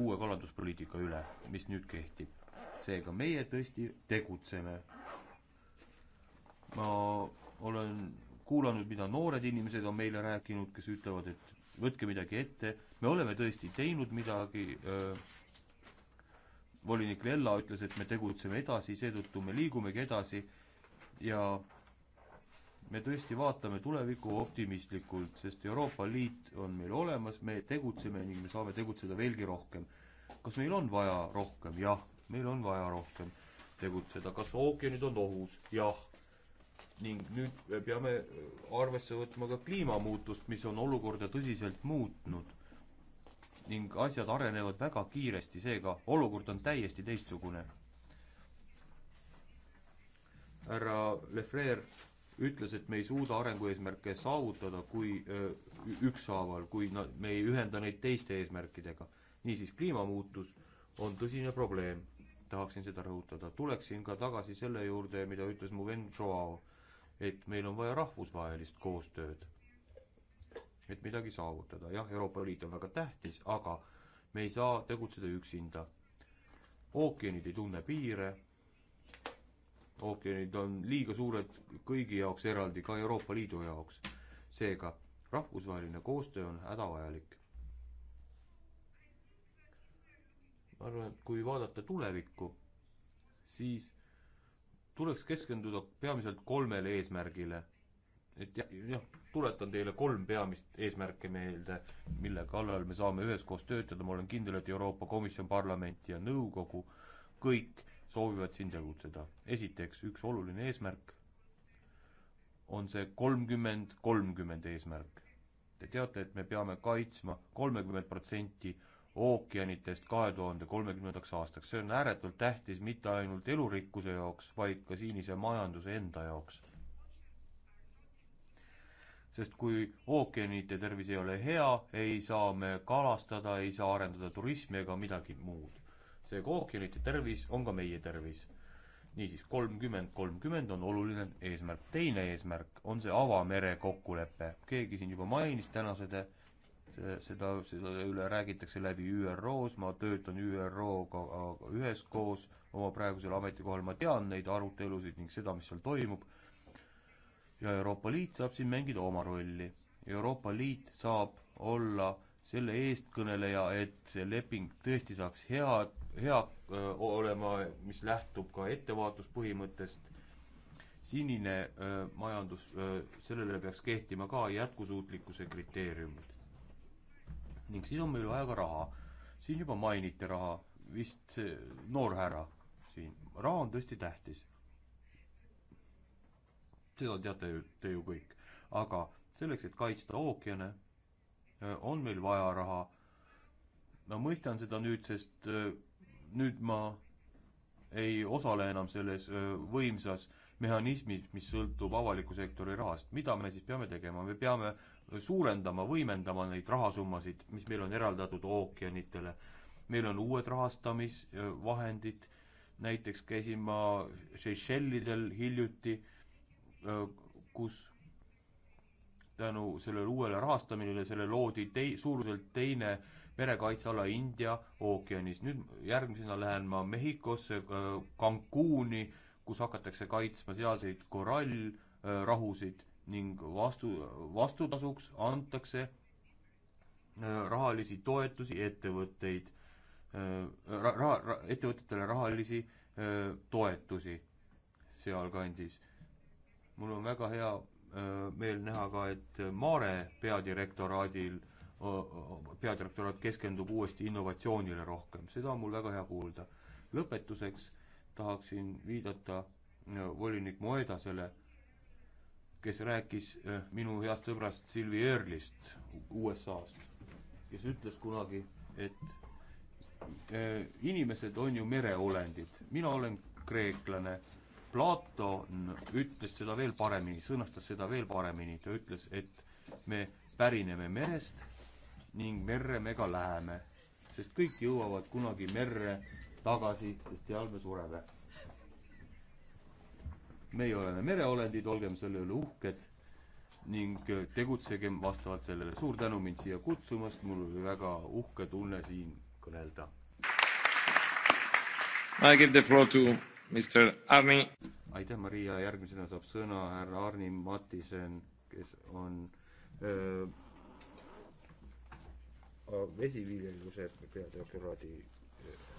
uue kalanduspoliitika üle, mis nüüd kehtib. seega meie tõesti tegutseme ma olen kuulanud, mida noored inimesed on meile rääkinud, kes ütlevad, et võtke midagi ette, me oleme tõesti teinud midagi, äh, volinik Lella ütles, et me tegutseme edasi, seetõttu me liigumegi edasi ja me tõesti vaatame tulevikku optimistlikult, sest Euroopa Liit on meil olemas, me tegutseme ning me saame tegutseda veelgi rohkem. kas meil on vaja rohkem? jah, meil on vaja rohkem tegutseda. kas ookeanid on ohus? jah ning nüüd me äh, peame äh, arvesse võtma ka kliimamuutust, mis on olukorda tõsiselt muutnud. ning asjad arenevad väga kiiresti, seega olukord on täiesti teistsugune. härra Lefler ütles, et me ei suuda arengueesmärke saavutada, kui äh, ükshaaval, kui na-, me ei ühenda neid teiste eesmärkidega. niisiis, kliimamuutus on tõsine probleem tahaksin seda rõhutada. tuleksin ka tagasi selle juurde, mida ütles mu vend Joao et meil on vaja rahvusvahelist koostööd, et midagi saavutada. jah, Euroopa Liit on väga tähtis, aga me ei saa tegutseda üksinda. ookeanid ei tunne piire, ookeanid on liiga suured kõigi jaoks eraldi, ka Euroopa Liidu jaoks. seega rahvusvaheline koostöö on hädavajalik. ma arvan, et kui vaadata tulevikku, siis tuleks keskenduda peamiselt kolmele eesmärgile. et jah, jah, tuletan teile kolm peamist eesmärke meelde, mille kallal me saame üheskoos töötada, ma olen kindel, et Euroopa Komisjon, parlament ja nõukogu kõik soovivad siin tegutseda. esiteks, üks oluline eesmärk on see kolmkümmend, kolmkümmend eesmärk. Te teate, et me peame kaitsma kolmekümmend protsenti ookeanitest kahe tuhande kolmekümnendaks aastaks. see on ääretult tähtis mitte ainult elurikkuse jaoks, vaid ka siinise majanduse enda jaoks. sest kui ookeanite tervis ei ole hea, ei saa me kalastada, ei saa arendada turismi ega midagi muud. seega ookeanite tervis on ka meie tervis. niisiis, kolmkümmend kolmkümmend on oluline eesmärk. teine eesmärk on see avamere kokkulepe. keegi siin juba mainis tänase see, seda, selle üle räägitakse läbi ÜRO-s, ma töötan ÜRO-ga üheskoos oma praegusel ametikohal, ma tean neid arutelusid ning seda, mis seal toimub, ja Euroopa Liit saab siin mängida oma rolli. Euroopa Liit saab olla selle eestkõneleja, et see leping tõesti saaks hea, hea öö, olema, mis lähtub ka ettevaatuspõhimõttest, sinine öö, majandus, sellele peaks kehtima ka jätkusuutlikkuse kriteeriumid ning siis on meil vaja ka raha. siin juba mainiti raha, vist see noor härra siin, raha on tõesti tähtis. seda teate ju, te ju kõik. aga selleks, et kaitsta ookeane, eh, on meil vaja raha. ma mõistan seda nüüd, sest eh, nüüd ma ei osale enam selles eh, võimsas mehhanismis, mis sõltub avaliku sektori rahast. mida me siis peame tegema, me peame suurendama, võimendama neid rahasummasid, mis meil on eraldatud ookeanitele. meil on uued rahastamisvahendid, näiteks käisin ma Seychellidel hiljuti, kus tänu sellele uuele rahastamisele, selle loodi tei-, suuruselt teine merekaitseala India ookeanis. nüüd järgmisena lähen ma Mehhikosse, Cancuni kus hakatakse kaitsma sealseid korallrahusid ning vastu, vastutasuks antakse äh, rahalisi toetusi ettevõtteid äh, ra-, ra-, ra, ettevõtetele rahalisi äh, toetusi sealkandis. mul on väga hea meel näha ka, et Maare peadirektoraadil, peadirektoraat keskendub uuesti innovatsioonile rohkem, seda on mul väga hea kuulda. lõpetuseks tahaksin viidata äh, volinik Moedasele, kes rääkis äh, minu heast sõbrast Silvi Earlist USA-st, kes ütles kunagi, et äh, inimesed on ju mereolendid, mina olen kreeklane. Platon ütles seda veel paremini, sõnastas seda veel paremini, ta ütles, et me pärineme merest ning merre me ka läheme, sest kõik jõuavad kunagi merre tagasi, sest seal me sureme. meie oleme mereolendid, olgem selle üle uhked ning äh, tegutsegem vastavalt sellele. suur tänu mind siia kutsumast, mul oli väga uhke tunne siin kõnelda. I give the floor to Mr Arni. aitäh, Maria, järgmisena saab sõna härra Arni Mattisen, kes on öö, äh, vesiviljeluse peadirektoraadi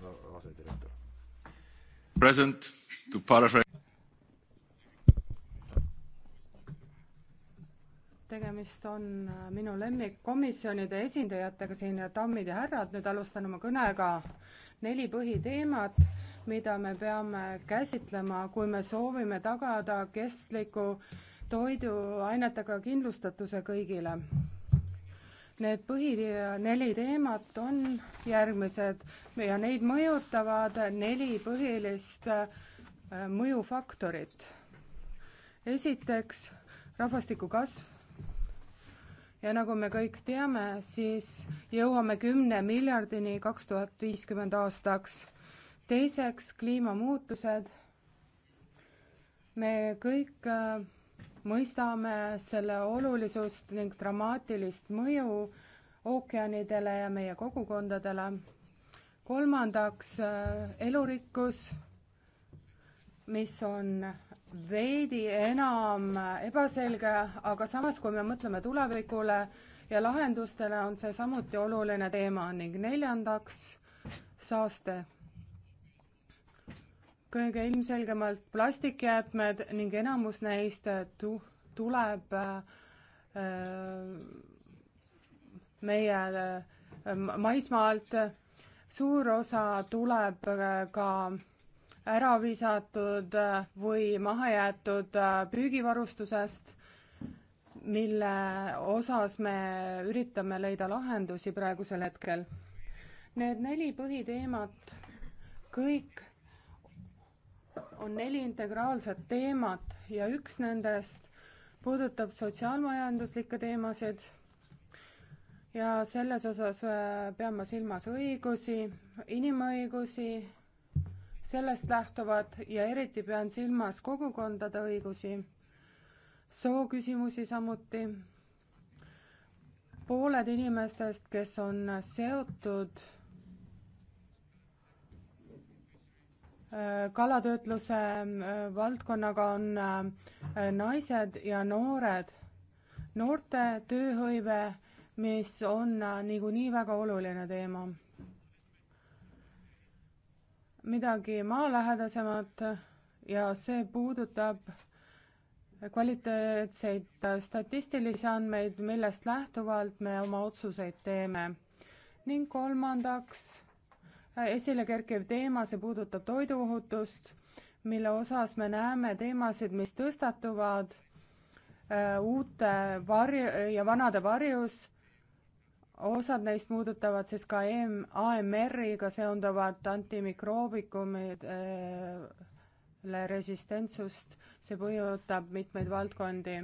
asedirektor. Present to paraphrase. tegemist on äh, minu lemmikkomisjonide esindajatega siin, daamid ja härrad, nüüd alustan oma kõnega. neli põhiteemat, mida me peame käsitlema, kui me soovime tagada kestliku toiduainetega kindlustatuse kõigile Need põhi neli teemat on järgmised ja neid mõjutavad neli põhilist äh, mõjufaktorit. esiteks rahvastiku kasv. ja nagu me kõik teame, siis jõuame kümne miljardini kaks tuhat viiskümmend aastaks. teiseks kliimamuutused. me kõik äh, mõistame selle olulisust ning dramaatilist mõju ookeanidele ja meie kogukondadele. kolmandaks, äh, elurikkus, mis on veidi enam ebaselge, aga samas, kui me mõtleme tulevikule ja lahendustele, on see samuti oluline teema ning neljandaks, saaste kõige ilmselgemalt plastikjäätmed ning enamus neist tu-, tuleb äh, meie äh, maismaalt, suur osa tuleb äh, ka ära visatud või mahajäetud püügivarustusest, mille osas me üritame leida lahendusi praegusel hetkel. Need neli põhiteemat kõik on neli integraalset teemat ja üks nendest puudutab sotsiaalmajanduslikke teemasid ja selles osas äh, pean ma silmas õigusi, inimõigusi, sellest lähtuvad ja eriti pean silmas kogukondade õigusi, sooküsimusi samuti. pooled inimestest, kes on seotud kalatöötluse äh, valdkonnaga on äh, naised ja noored. noorte tööhõive, mis on äh, niikuinii väga oluline teema. midagi maalähedasemat ja see puudutab kvaliteetseid statistilisi andmeid, millest lähtuvalt me oma otsuseid teeme. ning kolmandaks esile kerkiv teema, see puudutab toiduohutust, mille osas me näeme teemasid, mis tõstatuvad äh, uute varju ja vanade varjus. osad neist puudutavad siis ka EM, AMR-iga seonduvat antimikroobikumidele äh, resistentsust, see puudutab mitmeid valdkondi.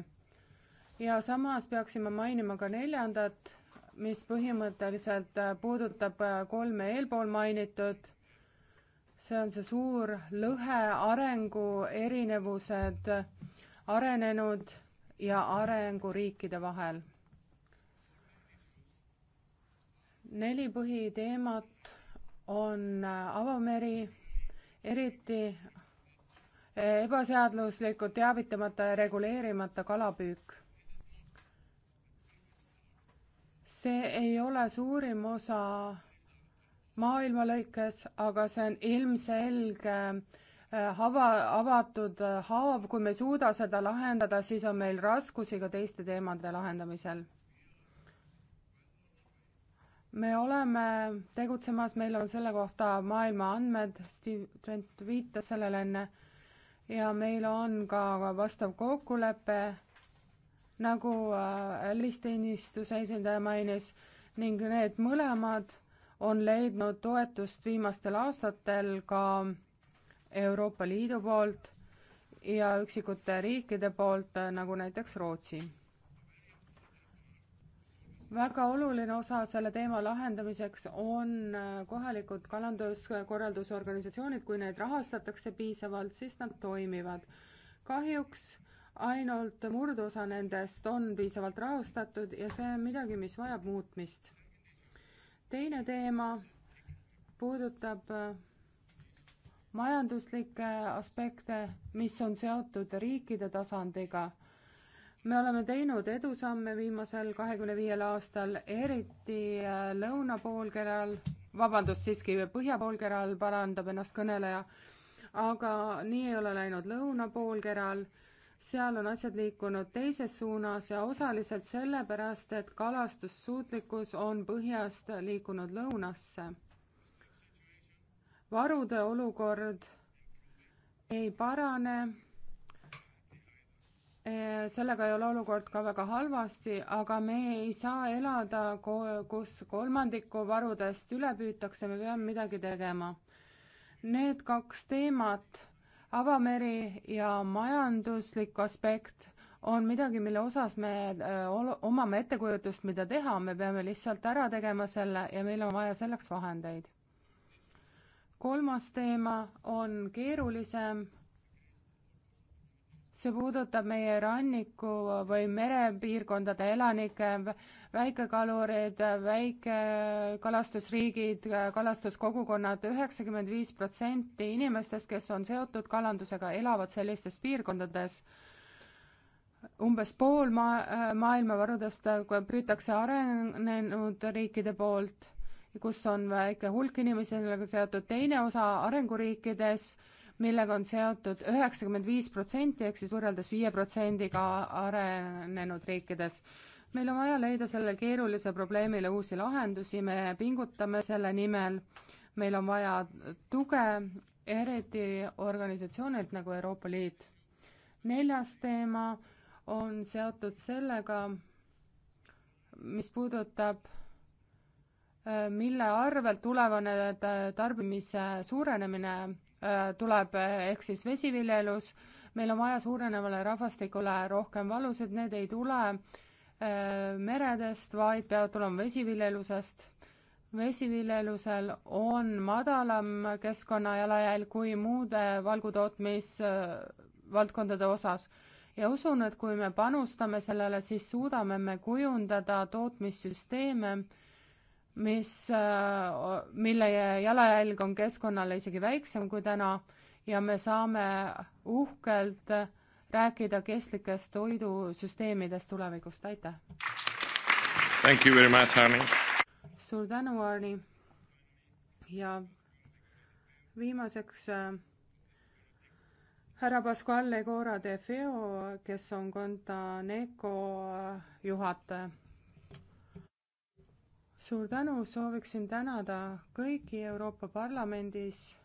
ja samas peaksime mainima ka neljandat mis põhimõtteliselt äh, puudutab äh, kolme eelpool mainitud, see on see suur lõhe, arengu erinevused äh, arenenud ja arenguriikide vahel. neli põhiteemat on avameri, eriti ebaseaduslikult teavitamata ja reguleerimata kalapüük see ei ole suurim osa maailma lõikes, aga see on ilmselge äh, hava, avatud äh, haav, kui me ei suuda seda lahendada, siis on meil raskusi ka teiste teemade lahendamisel. me oleme tegutsemas, meil on selle kohta maailma andmed, Steve Trent viitas sellele enne, ja meil on ka vastav kokkulepe nagu välisteenistuse äh, esindaja mainis, ning need mõlemad on leidnud toetust viimastel aastatel ka Euroopa Liidu poolt ja üksikute riikide poolt, äh, nagu näiteks Rootsi. väga oluline osa selle teema lahendamiseks on äh, kohalikud kalanduskorraldusorganisatsioonid, kui neid rahastatakse piisavalt, siis nad toimivad. kahjuks ainult murdosa nendest on piisavalt rahustatud ja see on midagi, mis vajab muutmist. teine teema puudutab äh, majanduslikke aspekte, mis on seotud riikide tasandiga. me oleme teinud edusamme viimasel kahekümne viiel aastal, eriti äh, lõunapoolkeral, vabandust, siiski põhjapoolkeral parandab ennast kõneleja, aga nii ei ole läinud lõunapoolkeral seal on asjad liikunud teises suunas ja osaliselt sellepärast, et kalastussuutlikkus on põhjast liikunud lõunasse. varude olukord ei parane. E, sellega ei ole olukord ka väga halvasti, aga me ei saa elada, kus kolmandiku varudest üle püütakse, me peame midagi tegema. Need kaks teemat avameri ja majanduslik aspekt on midagi, mille osas me äh, omame ettekujutust, mida teha, me peame lihtsalt ära tegema selle ja meil on vaja selleks vahendeid. kolmas teema on keerulisem see puudutab meie ranniku või merepiirkondade elanikke, väikekalureid, väikekalastusriigid, kalastuskogukonnad, üheksakümmend viis protsenti inimestest, kes on seotud kalandusega, elavad sellistes piirkondades. umbes pool maa, maailmavarudest püütakse arenenud riikide poolt, kus on väike hulk inimesi sellega seotud, teine osa arenguriikides millega on seotud üheksakümmend viis protsenti ehk siis võrreldes viie protsendiga arenenud riikides. meil on vaja leida sellele keerulisele probleemile uusi lahendusi, me pingutame selle nimel, meil on vaja tuge, eriti organisatsioonilt nagu Euroopa Liit. neljas teema on seotud sellega, mis puudutab äh, mille arvelt tulevane äh, tarbimise suurenemine Äh, tuleb äh, ehk siis vesiviljelus, meil on vaja suurenevale rahvastikule rohkem valusid, need ei tule äh, meredest, vaid peavad tulema vesiviljelusest. vesiviljelusel on madalam keskkonnajalajälg kui muude valgutootmisvaldkondade osas ja usun, et kui me panustame sellele, siis suudame me kujundada tootmissüsteeme, mis, äh, mille jalajälg on keskkonnale isegi väiksem kui täna ja me saame uhkelt rääkida kestlikest toidusüsteemidest tulevikus, aitäh! suur tänu, Arni! ja viimaseks äh, härra Pascual Legora de Feo, kes on Contaneco äh, juhataja suur tänu, sooviksin tänada kõiki Euroopa Parlamendis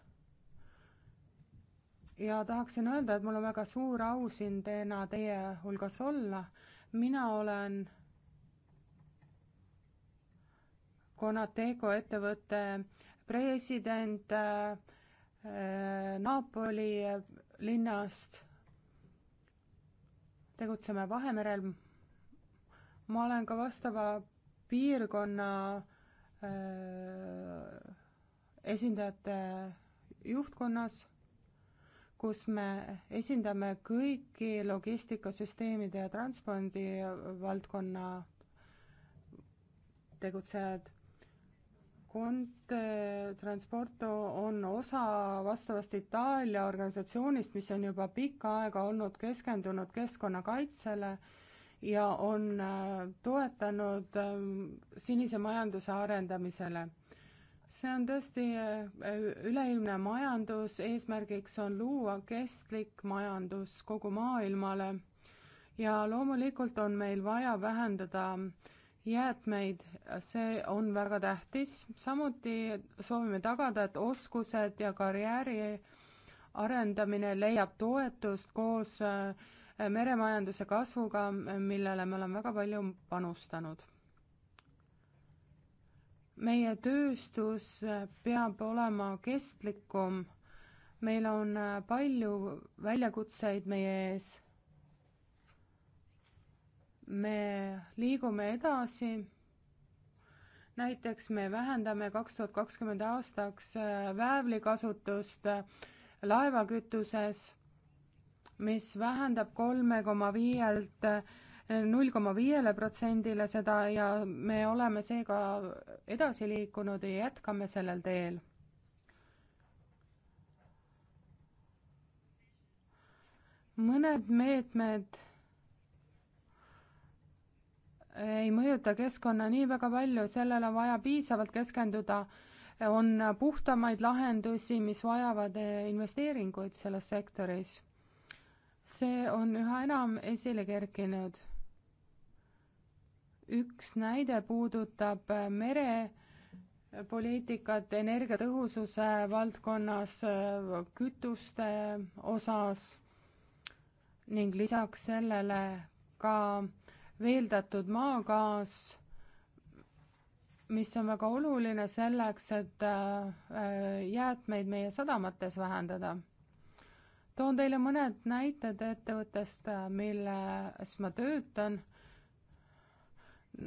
ja tahaksin öelda, et mul on väga suur au siin täna teie hulgas olla. mina olen Conateco ettevõtte president äh, Napoli linnast. tegutseme Vahemerel. ma olen ka vastava piirkonna äh, esindajate juhtkonnas, kus me esindame kõiki logistikasüsteemide ja transpordivaldkonna tegutsejad. Kont Transporto on osa vastavast Itaalia organisatsioonist, mis on juba pikka aega olnud keskendunud keskkonnakaitsele ja on äh, toetanud äh, sinise majanduse arendamisele. see on tõesti äh, üleilmne majandus, eesmärgiks on luua kestlik majandus kogu maailmale ja loomulikult on meil vaja vähendada jäätmeid, see on väga tähtis, samuti soovime tagada, et oskused ja karjääri arendamine leiab toetust koos äh, Äh, meremajanduse kasvuga, millele me oleme väga palju panustanud. meie tööstus äh, peab olema kestlikum, meil on äh, palju väljakutseid meie ees me liigume edasi, näiteks me vähendame kaks tuhat kakskümmend aastaks väävlikasutust laevakütuses mis vähendab kolme koma viielt eh, null koma viiele protsendile seda ja me oleme seega edasi liikunud ja jätkame sellel teel. mõned meetmed ei mõjuta keskkonna nii väga palju, sellele on vaja piisavalt keskenduda. on puhtamaid lahendusi, mis vajavad eh, investeeringuid selles sektoris see on üha enam esile kerkinud. üks näide puudutab äh, merepoliitikat energiatõhususe valdkonnas, äh, kütuste osas ning lisaks sellele ka veeldatud maagaas, mis on väga oluline selleks, et äh, jäätmeid meie sadamates vähendada toon teile mõned näited ettevõttest, milles ma töötan.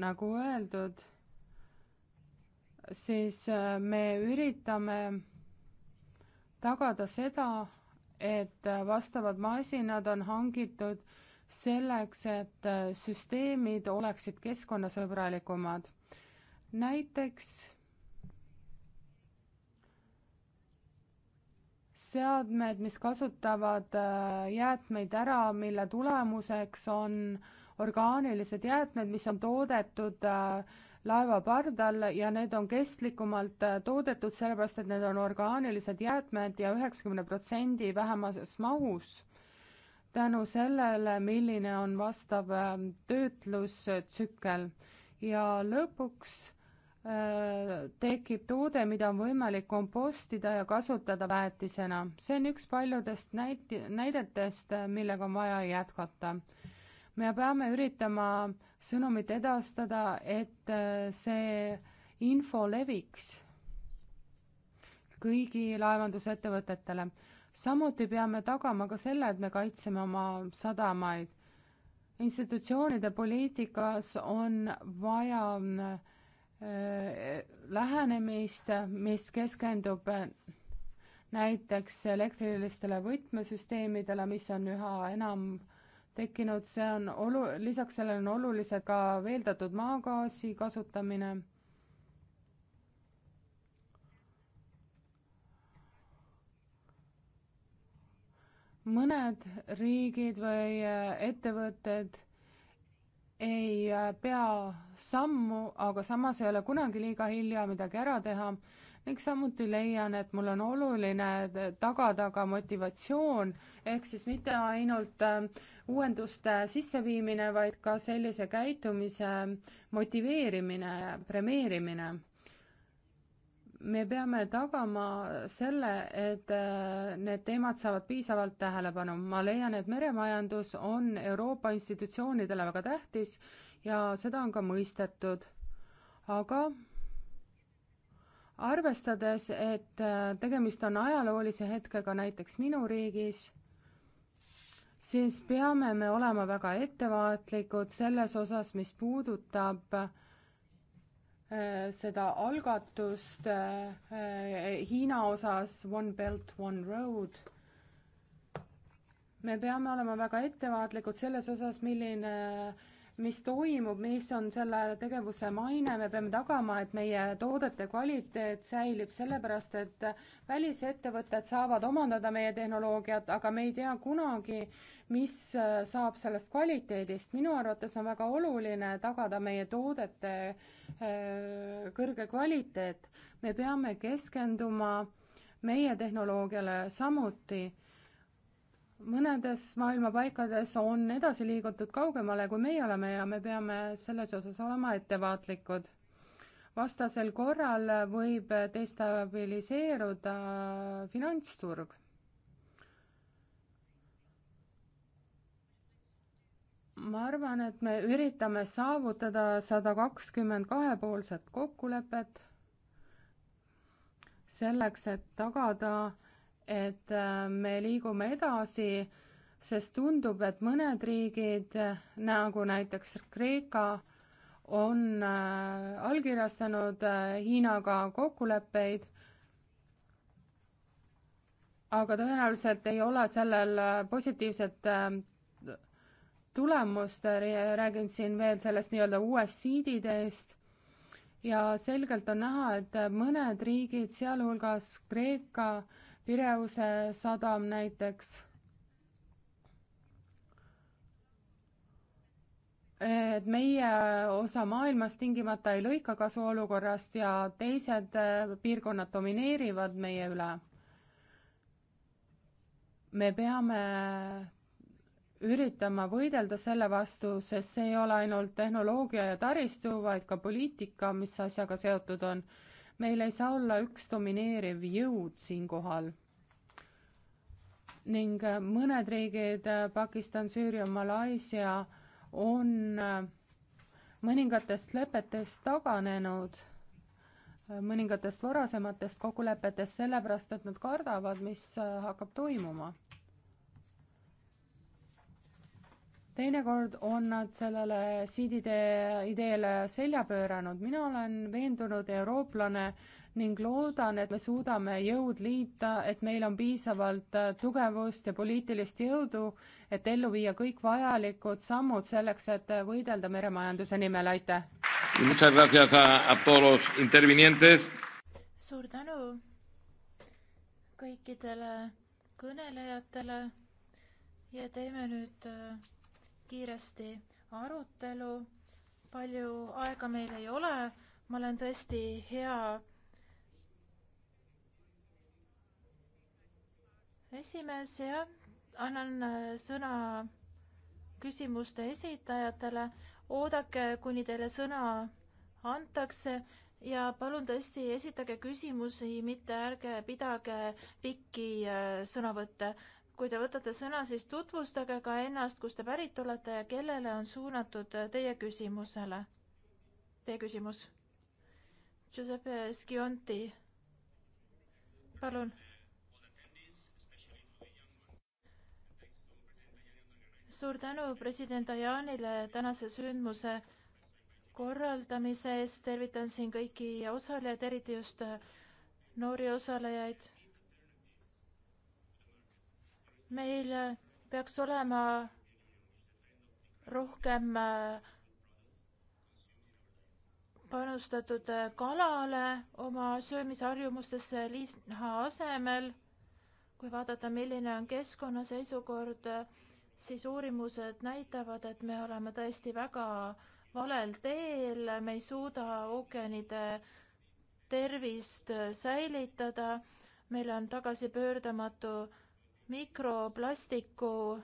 nagu öeldud, siis äh, me üritame tagada seda, et äh, vastavad masinad on hangitud selleks, et äh, süsteemid oleksid keskkonnasõbralikumad. näiteks seadmed, mis kasutavad äh, jäätmeid ära, mille tulemuseks on orgaanilised jäätmed, mis on toodetud äh, laeva pardal ja need on kestlikumalt äh, toodetud, sellepärast et need on orgaanilised jäätmed ja üheksakümne protsendi vähemas mahus. tänu sellele, milline on vastav töötlustsükkel ja lõpuks Äh, tekib toode, mida on võimalik kompostida ja kasutada väetisena. see on üks paljudest näit-, näidetest, äh, millega on vaja jätkata. me peame üritama sõnumit edastada, et äh, see info leviks kõigi laevandusettevõtetele. samuti peame tagama ka selle, et me kaitseme oma sadamaid. institutsioonide poliitikas on vaja Äh, lähenemist, mis keskendub näiteks elektrilistele võtmesüsteemidele, mis on üha enam tekkinud, see on olu-, lisaks sellele on olulised ka veeldatud maagaasi kasutamine mõned riigid või äh, ettevõtted ei äh, pea sammu, aga samas ei ole kunagi liiga hilja midagi ära teha ning samuti leian, et mul on oluline tagada ka motivatsioon, ehk siis mitte ainult äh, uuenduste sisseviimine, vaid ka sellise käitumise motiveerimine, premeerimine me peame tagama selle, et äh, need teemad saavad piisavalt tähelepanu. ma leian, et meremajandus on Euroopa institutsioonidele väga tähtis ja seda on ka mõistetud. aga arvestades, et äh, tegemist on ajaloolise hetkega näiteks minu riigis, siis peame me olema väga ettevaatlikud selles osas, mis puudutab äh, Äh, seda algatust äh, äh, Hiina osas One Belt, One Road. me peame olema väga ettevaatlikud selles osas, milline mis toimub, mis on selle tegevuse maine, me peame tagama, et meie toodete kvaliteet säilib, sellepärast et välisettevõtted saavad omandada meie tehnoloogiat, aga me ei tea kunagi, mis saab sellest kvaliteedist. minu arvates on väga oluline tagada meie toodete äh, kõrge kvaliteet. me peame keskenduma meie tehnoloogiale samuti mõnedes maailma paikades on edasi liigutud kaugemale, kui meie oleme ja me peame selles osas olema ettevaatlikud. vastasel korral võib destabiliseeruda finantsturg. ma arvan, et me üritame saavutada sada kakskümmend kahepoolset kokkulepet selleks, et tagada et äh, me liigume edasi, sest tundub, et mõned riigid, nagu näiteks Kreeka, on äh, allkirjastanud äh, Hiinaga kokkuleppeid, aga tõenäoliselt ei ole sellel positiivset tulemust, räägin siin veel sellest nii-öelda uuest siididest, ja selgelt on näha, et mõned riigid, sealhulgas Kreeka, Pireuse sadam näiteks et meie osa maailmast tingimata ei lõika kasu olukorrast ja teised äh, piirkonnad domineerivad meie üle. me peame üritama võidelda selle vastu, sest see ei ole ainult tehnoloogia ja taristu, vaid ka poliitika, mis asjaga seotud on meil ei saa olla üks domineeriv jõud siinkohal. ning äh, mõned riigid, äh, Pakistan, Süüria, Malaisia, on äh, mõningatest lepetest taganenud, mõningatest varasematest kokkulepetest, sellepärast et nad kardavad, mis hakkab toimuma teinekord on nad sellele siidide ideele selja pööranud. mina olen veendunud eurooplane ning loodan, et me suudame jõud liita, et meil on piisavalt äh, tugevust ja poliitilist jõudu, et ellu viia kõik vajalikud sammud selleks, et äh, võidelda meremajanduse nimel, aitäh! suur tänu kõikidele kõnelejatele ja teeme nüüd äh, kiiresti arutelu. palju aega meil ei ole, ma olen tõesti hea esimees ja annan äh, sõna küsimuste esitajatele. oodake, kuni teile sõna antakse ja palun tõesti esitage küsimusi, mitte ärge pidage pikki äh, sõnavõtte kui te võtate sõna, siis tutvustage ka ennast, kust te pärit olete ja kellele on suunatud teie küsimusele. Teie küsimus. Giuseppe Schionti, palun. suur tänu president Ajanile tänase sündmuse korraldamise eest, tervitan siin kõiki osalejaid, eriti just noori osalejaid meil peaks olema rohkem äh, panustatud äh, kalale oma söömisharjumustesse liha asemel. kui vaadata, milline on keskkonna seisukord, siis uurimused näitavad, et me oleme tõesti väga valel teel, me ei suuda ookeanide tervist äh, säilitada. meil on tagasipöördamatu mikroplastiku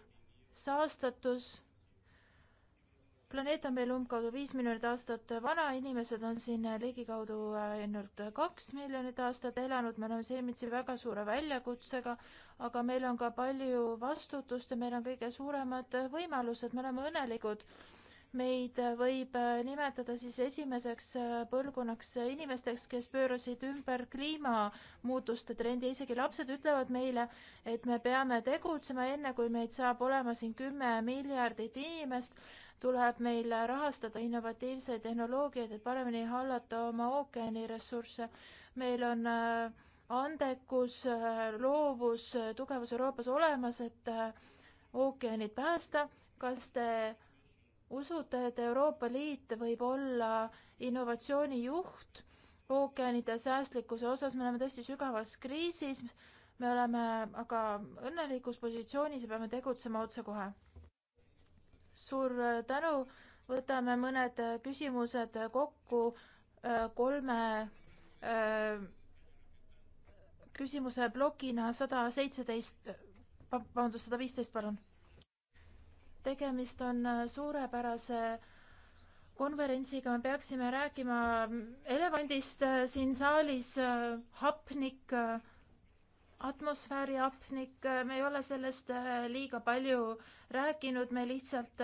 saastatus. planeet on meil umbkaudu viis miljonit aastat vana, inimesed on siin ligikaudu äh, ainult kaks miljonit aastat elanud, me oleme silmitsi väga suure väljakutsega, aga meil on ka palju vastutust ja meil on kõige suuremad võimalused, me oleme õnnelikud meid äh, võib äh, nimetada siis esimeseks äh, põlvkonnaks inimesteks, kes pöörasid ümber kliimamuutuste trendi, isegi lapsed ütlevad meile, et me peame tegutsema, enne kui meid saab olema siin kümme miljardit inimest, tuleb meil rahastada innovatiivseid tehnoloogiaid, et paremini hallata oma ookeaniressursse. meil on andekus, loovus, tugevus Euroopas olemas, et ookeanid päästa. kas te usute, et Euroopa Liit võib olla innovatsiooni juht ookeanide säästlikkuse osas, me oleme tõesti sügavas kriisis, me oleme aga õnnelikus positsioonis ja peame tegutsema otsekohe. suur äh, tänu, võtame mõned äh, küsimused äh, kokku kolme küsimuse plokina sada seitseteist, vabandust, sada viisteist, palun tegemist on äh, suurepärase konverentsiga, me peaksime rääkima mm, elevandist äh, siin saalis, äh, hapnik, atmosfääri hapnik, me ei ole sellest liiga palju rääkinud, me lihtsalt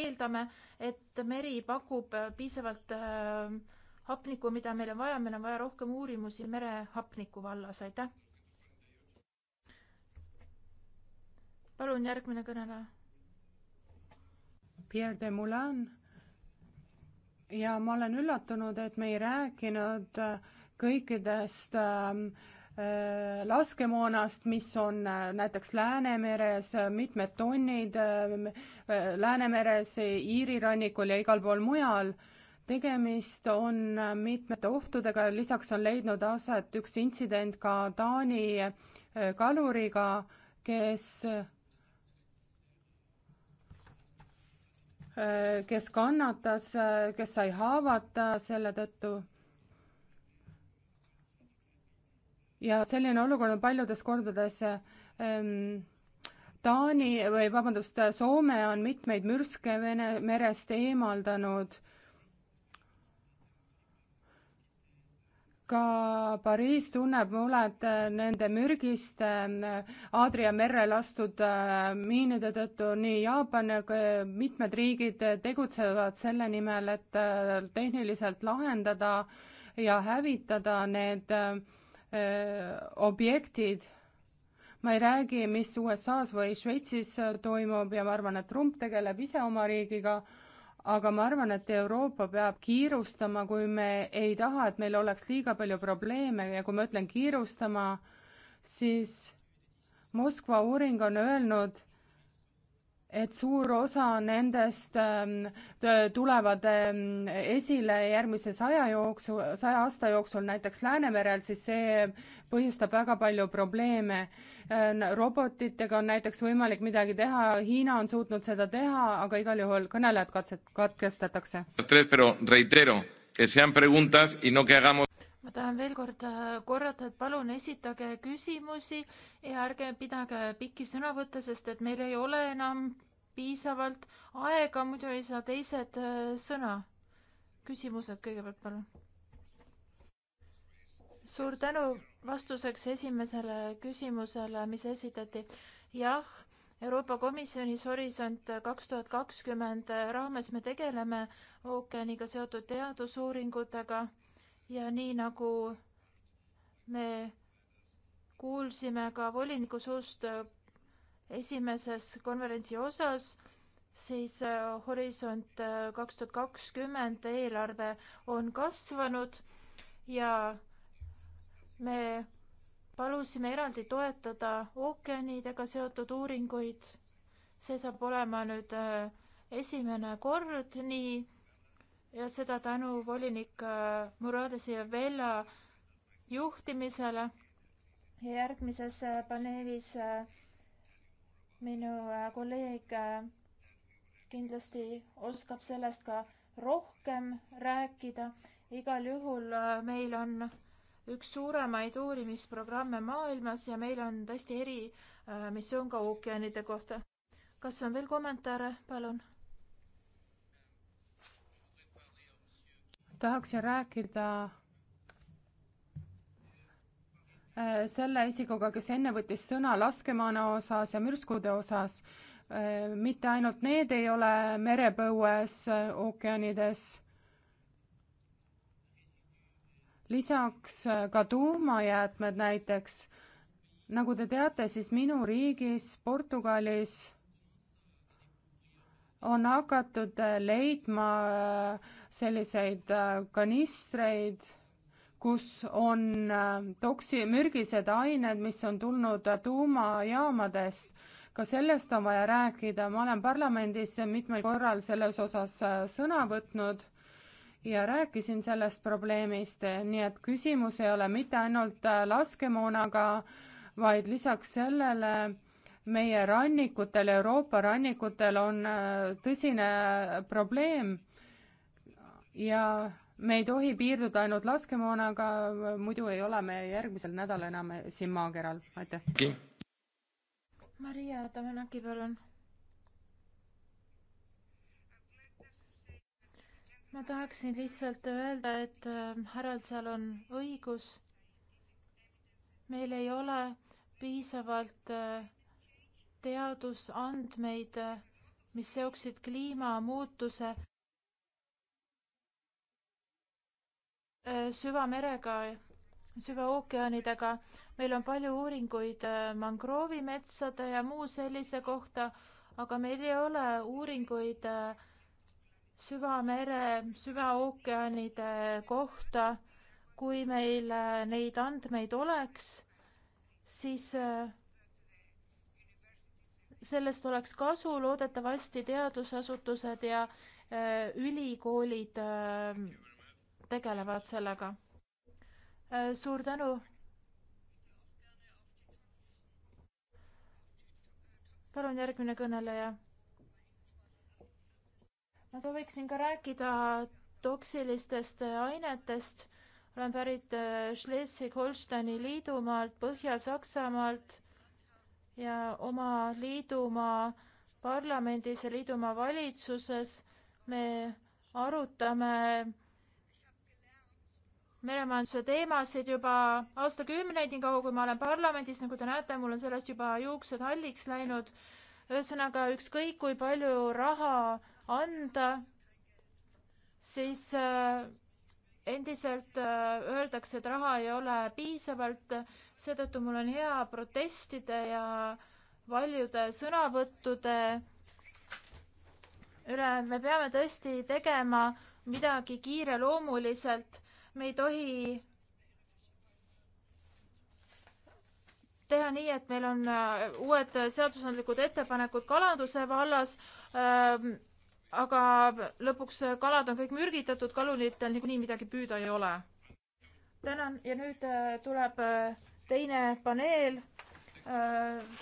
eeldame, et meri pakub piisavalt hapnikku, mida meil on vaja, meil on vaja rohkem uurimusi merehapniku vallas, aitäh! palun järgmine kõneleja Pierre de Moulin ja ma olen üllatunud, et me ei rääkinud kõikidest ähm, äh, laskemoonast, mis on äh, näiteks Läänemeres, äh, mitmed tonnid Läänemeres, Iiri rannikul ja igal pool mujal. tegemist on mitmete ohtudega, lisaks on leidnud aset üks intsident ka Taani kaluriga, kes Äh, kes kannatas, äh, kes sai haavata selle tõttu. ja selline olukord on paljudes kordades ähm, Taani või vabandust, Soome on mitmeid mürske Vene merest eemaldanud ka Pariis tunneb muret äh, nende mürgiste äh, Aadria merre lastud äh, miinide tõttu, nii Jaapan, mitmed riigid tegutsevad selle nimel, et tehniliselt lahendada ja hävitada need objektid. ma ei räägi, mis USA-s või Šveitsis toimub ja ma arvan, et Trump tegeleb ise oma riigiga aga ma arvan, et Euroopa peab kiirustama, kui me ei taha, et meil oleks liiga palju probleeme ja kui ma ütlen kiirustama, siis Moskva uuring on öelnud, et suur osa nendest ähm, tulevad ähm, esile järgmise saja jooksul, saja aasta jooksul näiteks Läänemerel, siis see põhjustab väga palju probleeme robotitega on näiteks võimalik midagi teha, Hiina on suutnud seda teha, aga igal juhul kõnelejad katset-, katkestatakse. ma tahan veel kord äh, korrata, et palun esitage küsimusi ja ärge pidage pikki sõnavõtte, sest et meil ei ole enam piisavalt aega, muidu ei saa teised äh, sõna. küsimused kõigepealt, palun. suur tänu vastuseks esimesele küsimusele, mis esitati, jah, Euroopa Komisjonis Horisont kaks tuhat kakskümmend raames me tegeleme ookeaniga seotud teadusuuringutega ja nii nagu me kuulsime ka voliniku suust esimeses konverentsi osas, siis Horisont kaks tuhat kakskümmend eelarve on kasvanud ja me palusime eraldi toetada ookeanidega seotud uuringuid. see saab olema nüüd äh, esimene kord nii ja seda tänu volinik äh, Muradesi ja Vella juhtimisele. ja järgmises äh, paneelis minu kolleeg kindlasti oskab sellest ka rohkem rääkida. igal juhul meil on üks suuremaid uurimisprogramme maailmas ja meil on tõesti erimissioon äh, ka ookeanide kohta. kas on veel kommentaare, palun? tahaksin rääkida äh, selle isikuga, kes enne võttis sõna laskemoona osas ja mürskude osas. Äh, mitte ainult need ei ole merepõues, ookeanides lisaks äh, ka tuumajäätmed näiteks, nagu te teate, siis minu riigis, Portugalis, on hakatud äh, leidma äh, selliseid kanistreid, kus on toksi-, mürgised ained, mis on tulnud tuumajaamadest. ka sellest on vaja rääkida, ma olen parlamendis mitmel korral selles osas sõna võtnud ja rääkisin sellest probleemist, nii et küsimus ei ole mitte ainult äh, laskemoonaga, vaid lisaks sellele meie rannikutel, Euroopa rannikutel on äh, tõsine probleem ja me ei tohi piirduda ainult laskemoonaga, muidu ei ole me järgmisel nädalal enam äh, siin maakeral, aitäh. Maria Tavenaki, palun ma tahaksin lihtsalt öelda, et härral ähm, seal on õigus. meil ei ole piisavalt äh, teadusandmeid, äh, mis seoksid kliimamuutuse äh, süvamerega, süvaookeanidega. meil on palju uuringuid mangroovimetsade ja muu sellise kohta, aga meil ei ole uuringuid äh, süvamere, süvaookeanide kohta, kui meil äh, neid andmeid oleks, siis äh, sellest oleks kasu, loodetavasti teadusasutused ja äh, ülikoolid tegelevad sellega. suur tänu. palun järgmine kõneleja ma sooviksin ka rääkida toksilistest ainetest. olen pärit äh, Schleswig-Holsteini liidumaalt, Põhja-Saksamaalt ja oma liidumaa parlamendis ja liidumaa valitsuses me arutame meremajanduse teemasid juba aastakümneid, nii kaua kui ma olen parlamendis, nagu te näete, mul on sellest juba juuksed halliks läinud. ühesõnaga, ükskõik kui palju raha anda, siis äh, endiselt äh, öeldakse, et raha ei ole piisavalt, seetõttu mul on hea protestide ja paljude sõnavõttude üle, me peame tõesti tegema midagi kiireloomuliselt, me ei tohi teha nii, et meil on äh, uued seadusandlikud ettepanekud kalanduse vallas ähm,, aga lõpuks äh, kalad on kõik mürgitatud, kaluritel niikuinii midagi püüda ei ole. tänan ja nüüd äh, tuleb äh, teine paneel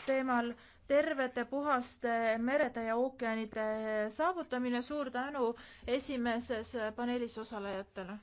teemal tervete, puhaste merede ja ookeanide saavutamine. suur tänu esimeses paneelis osalejatele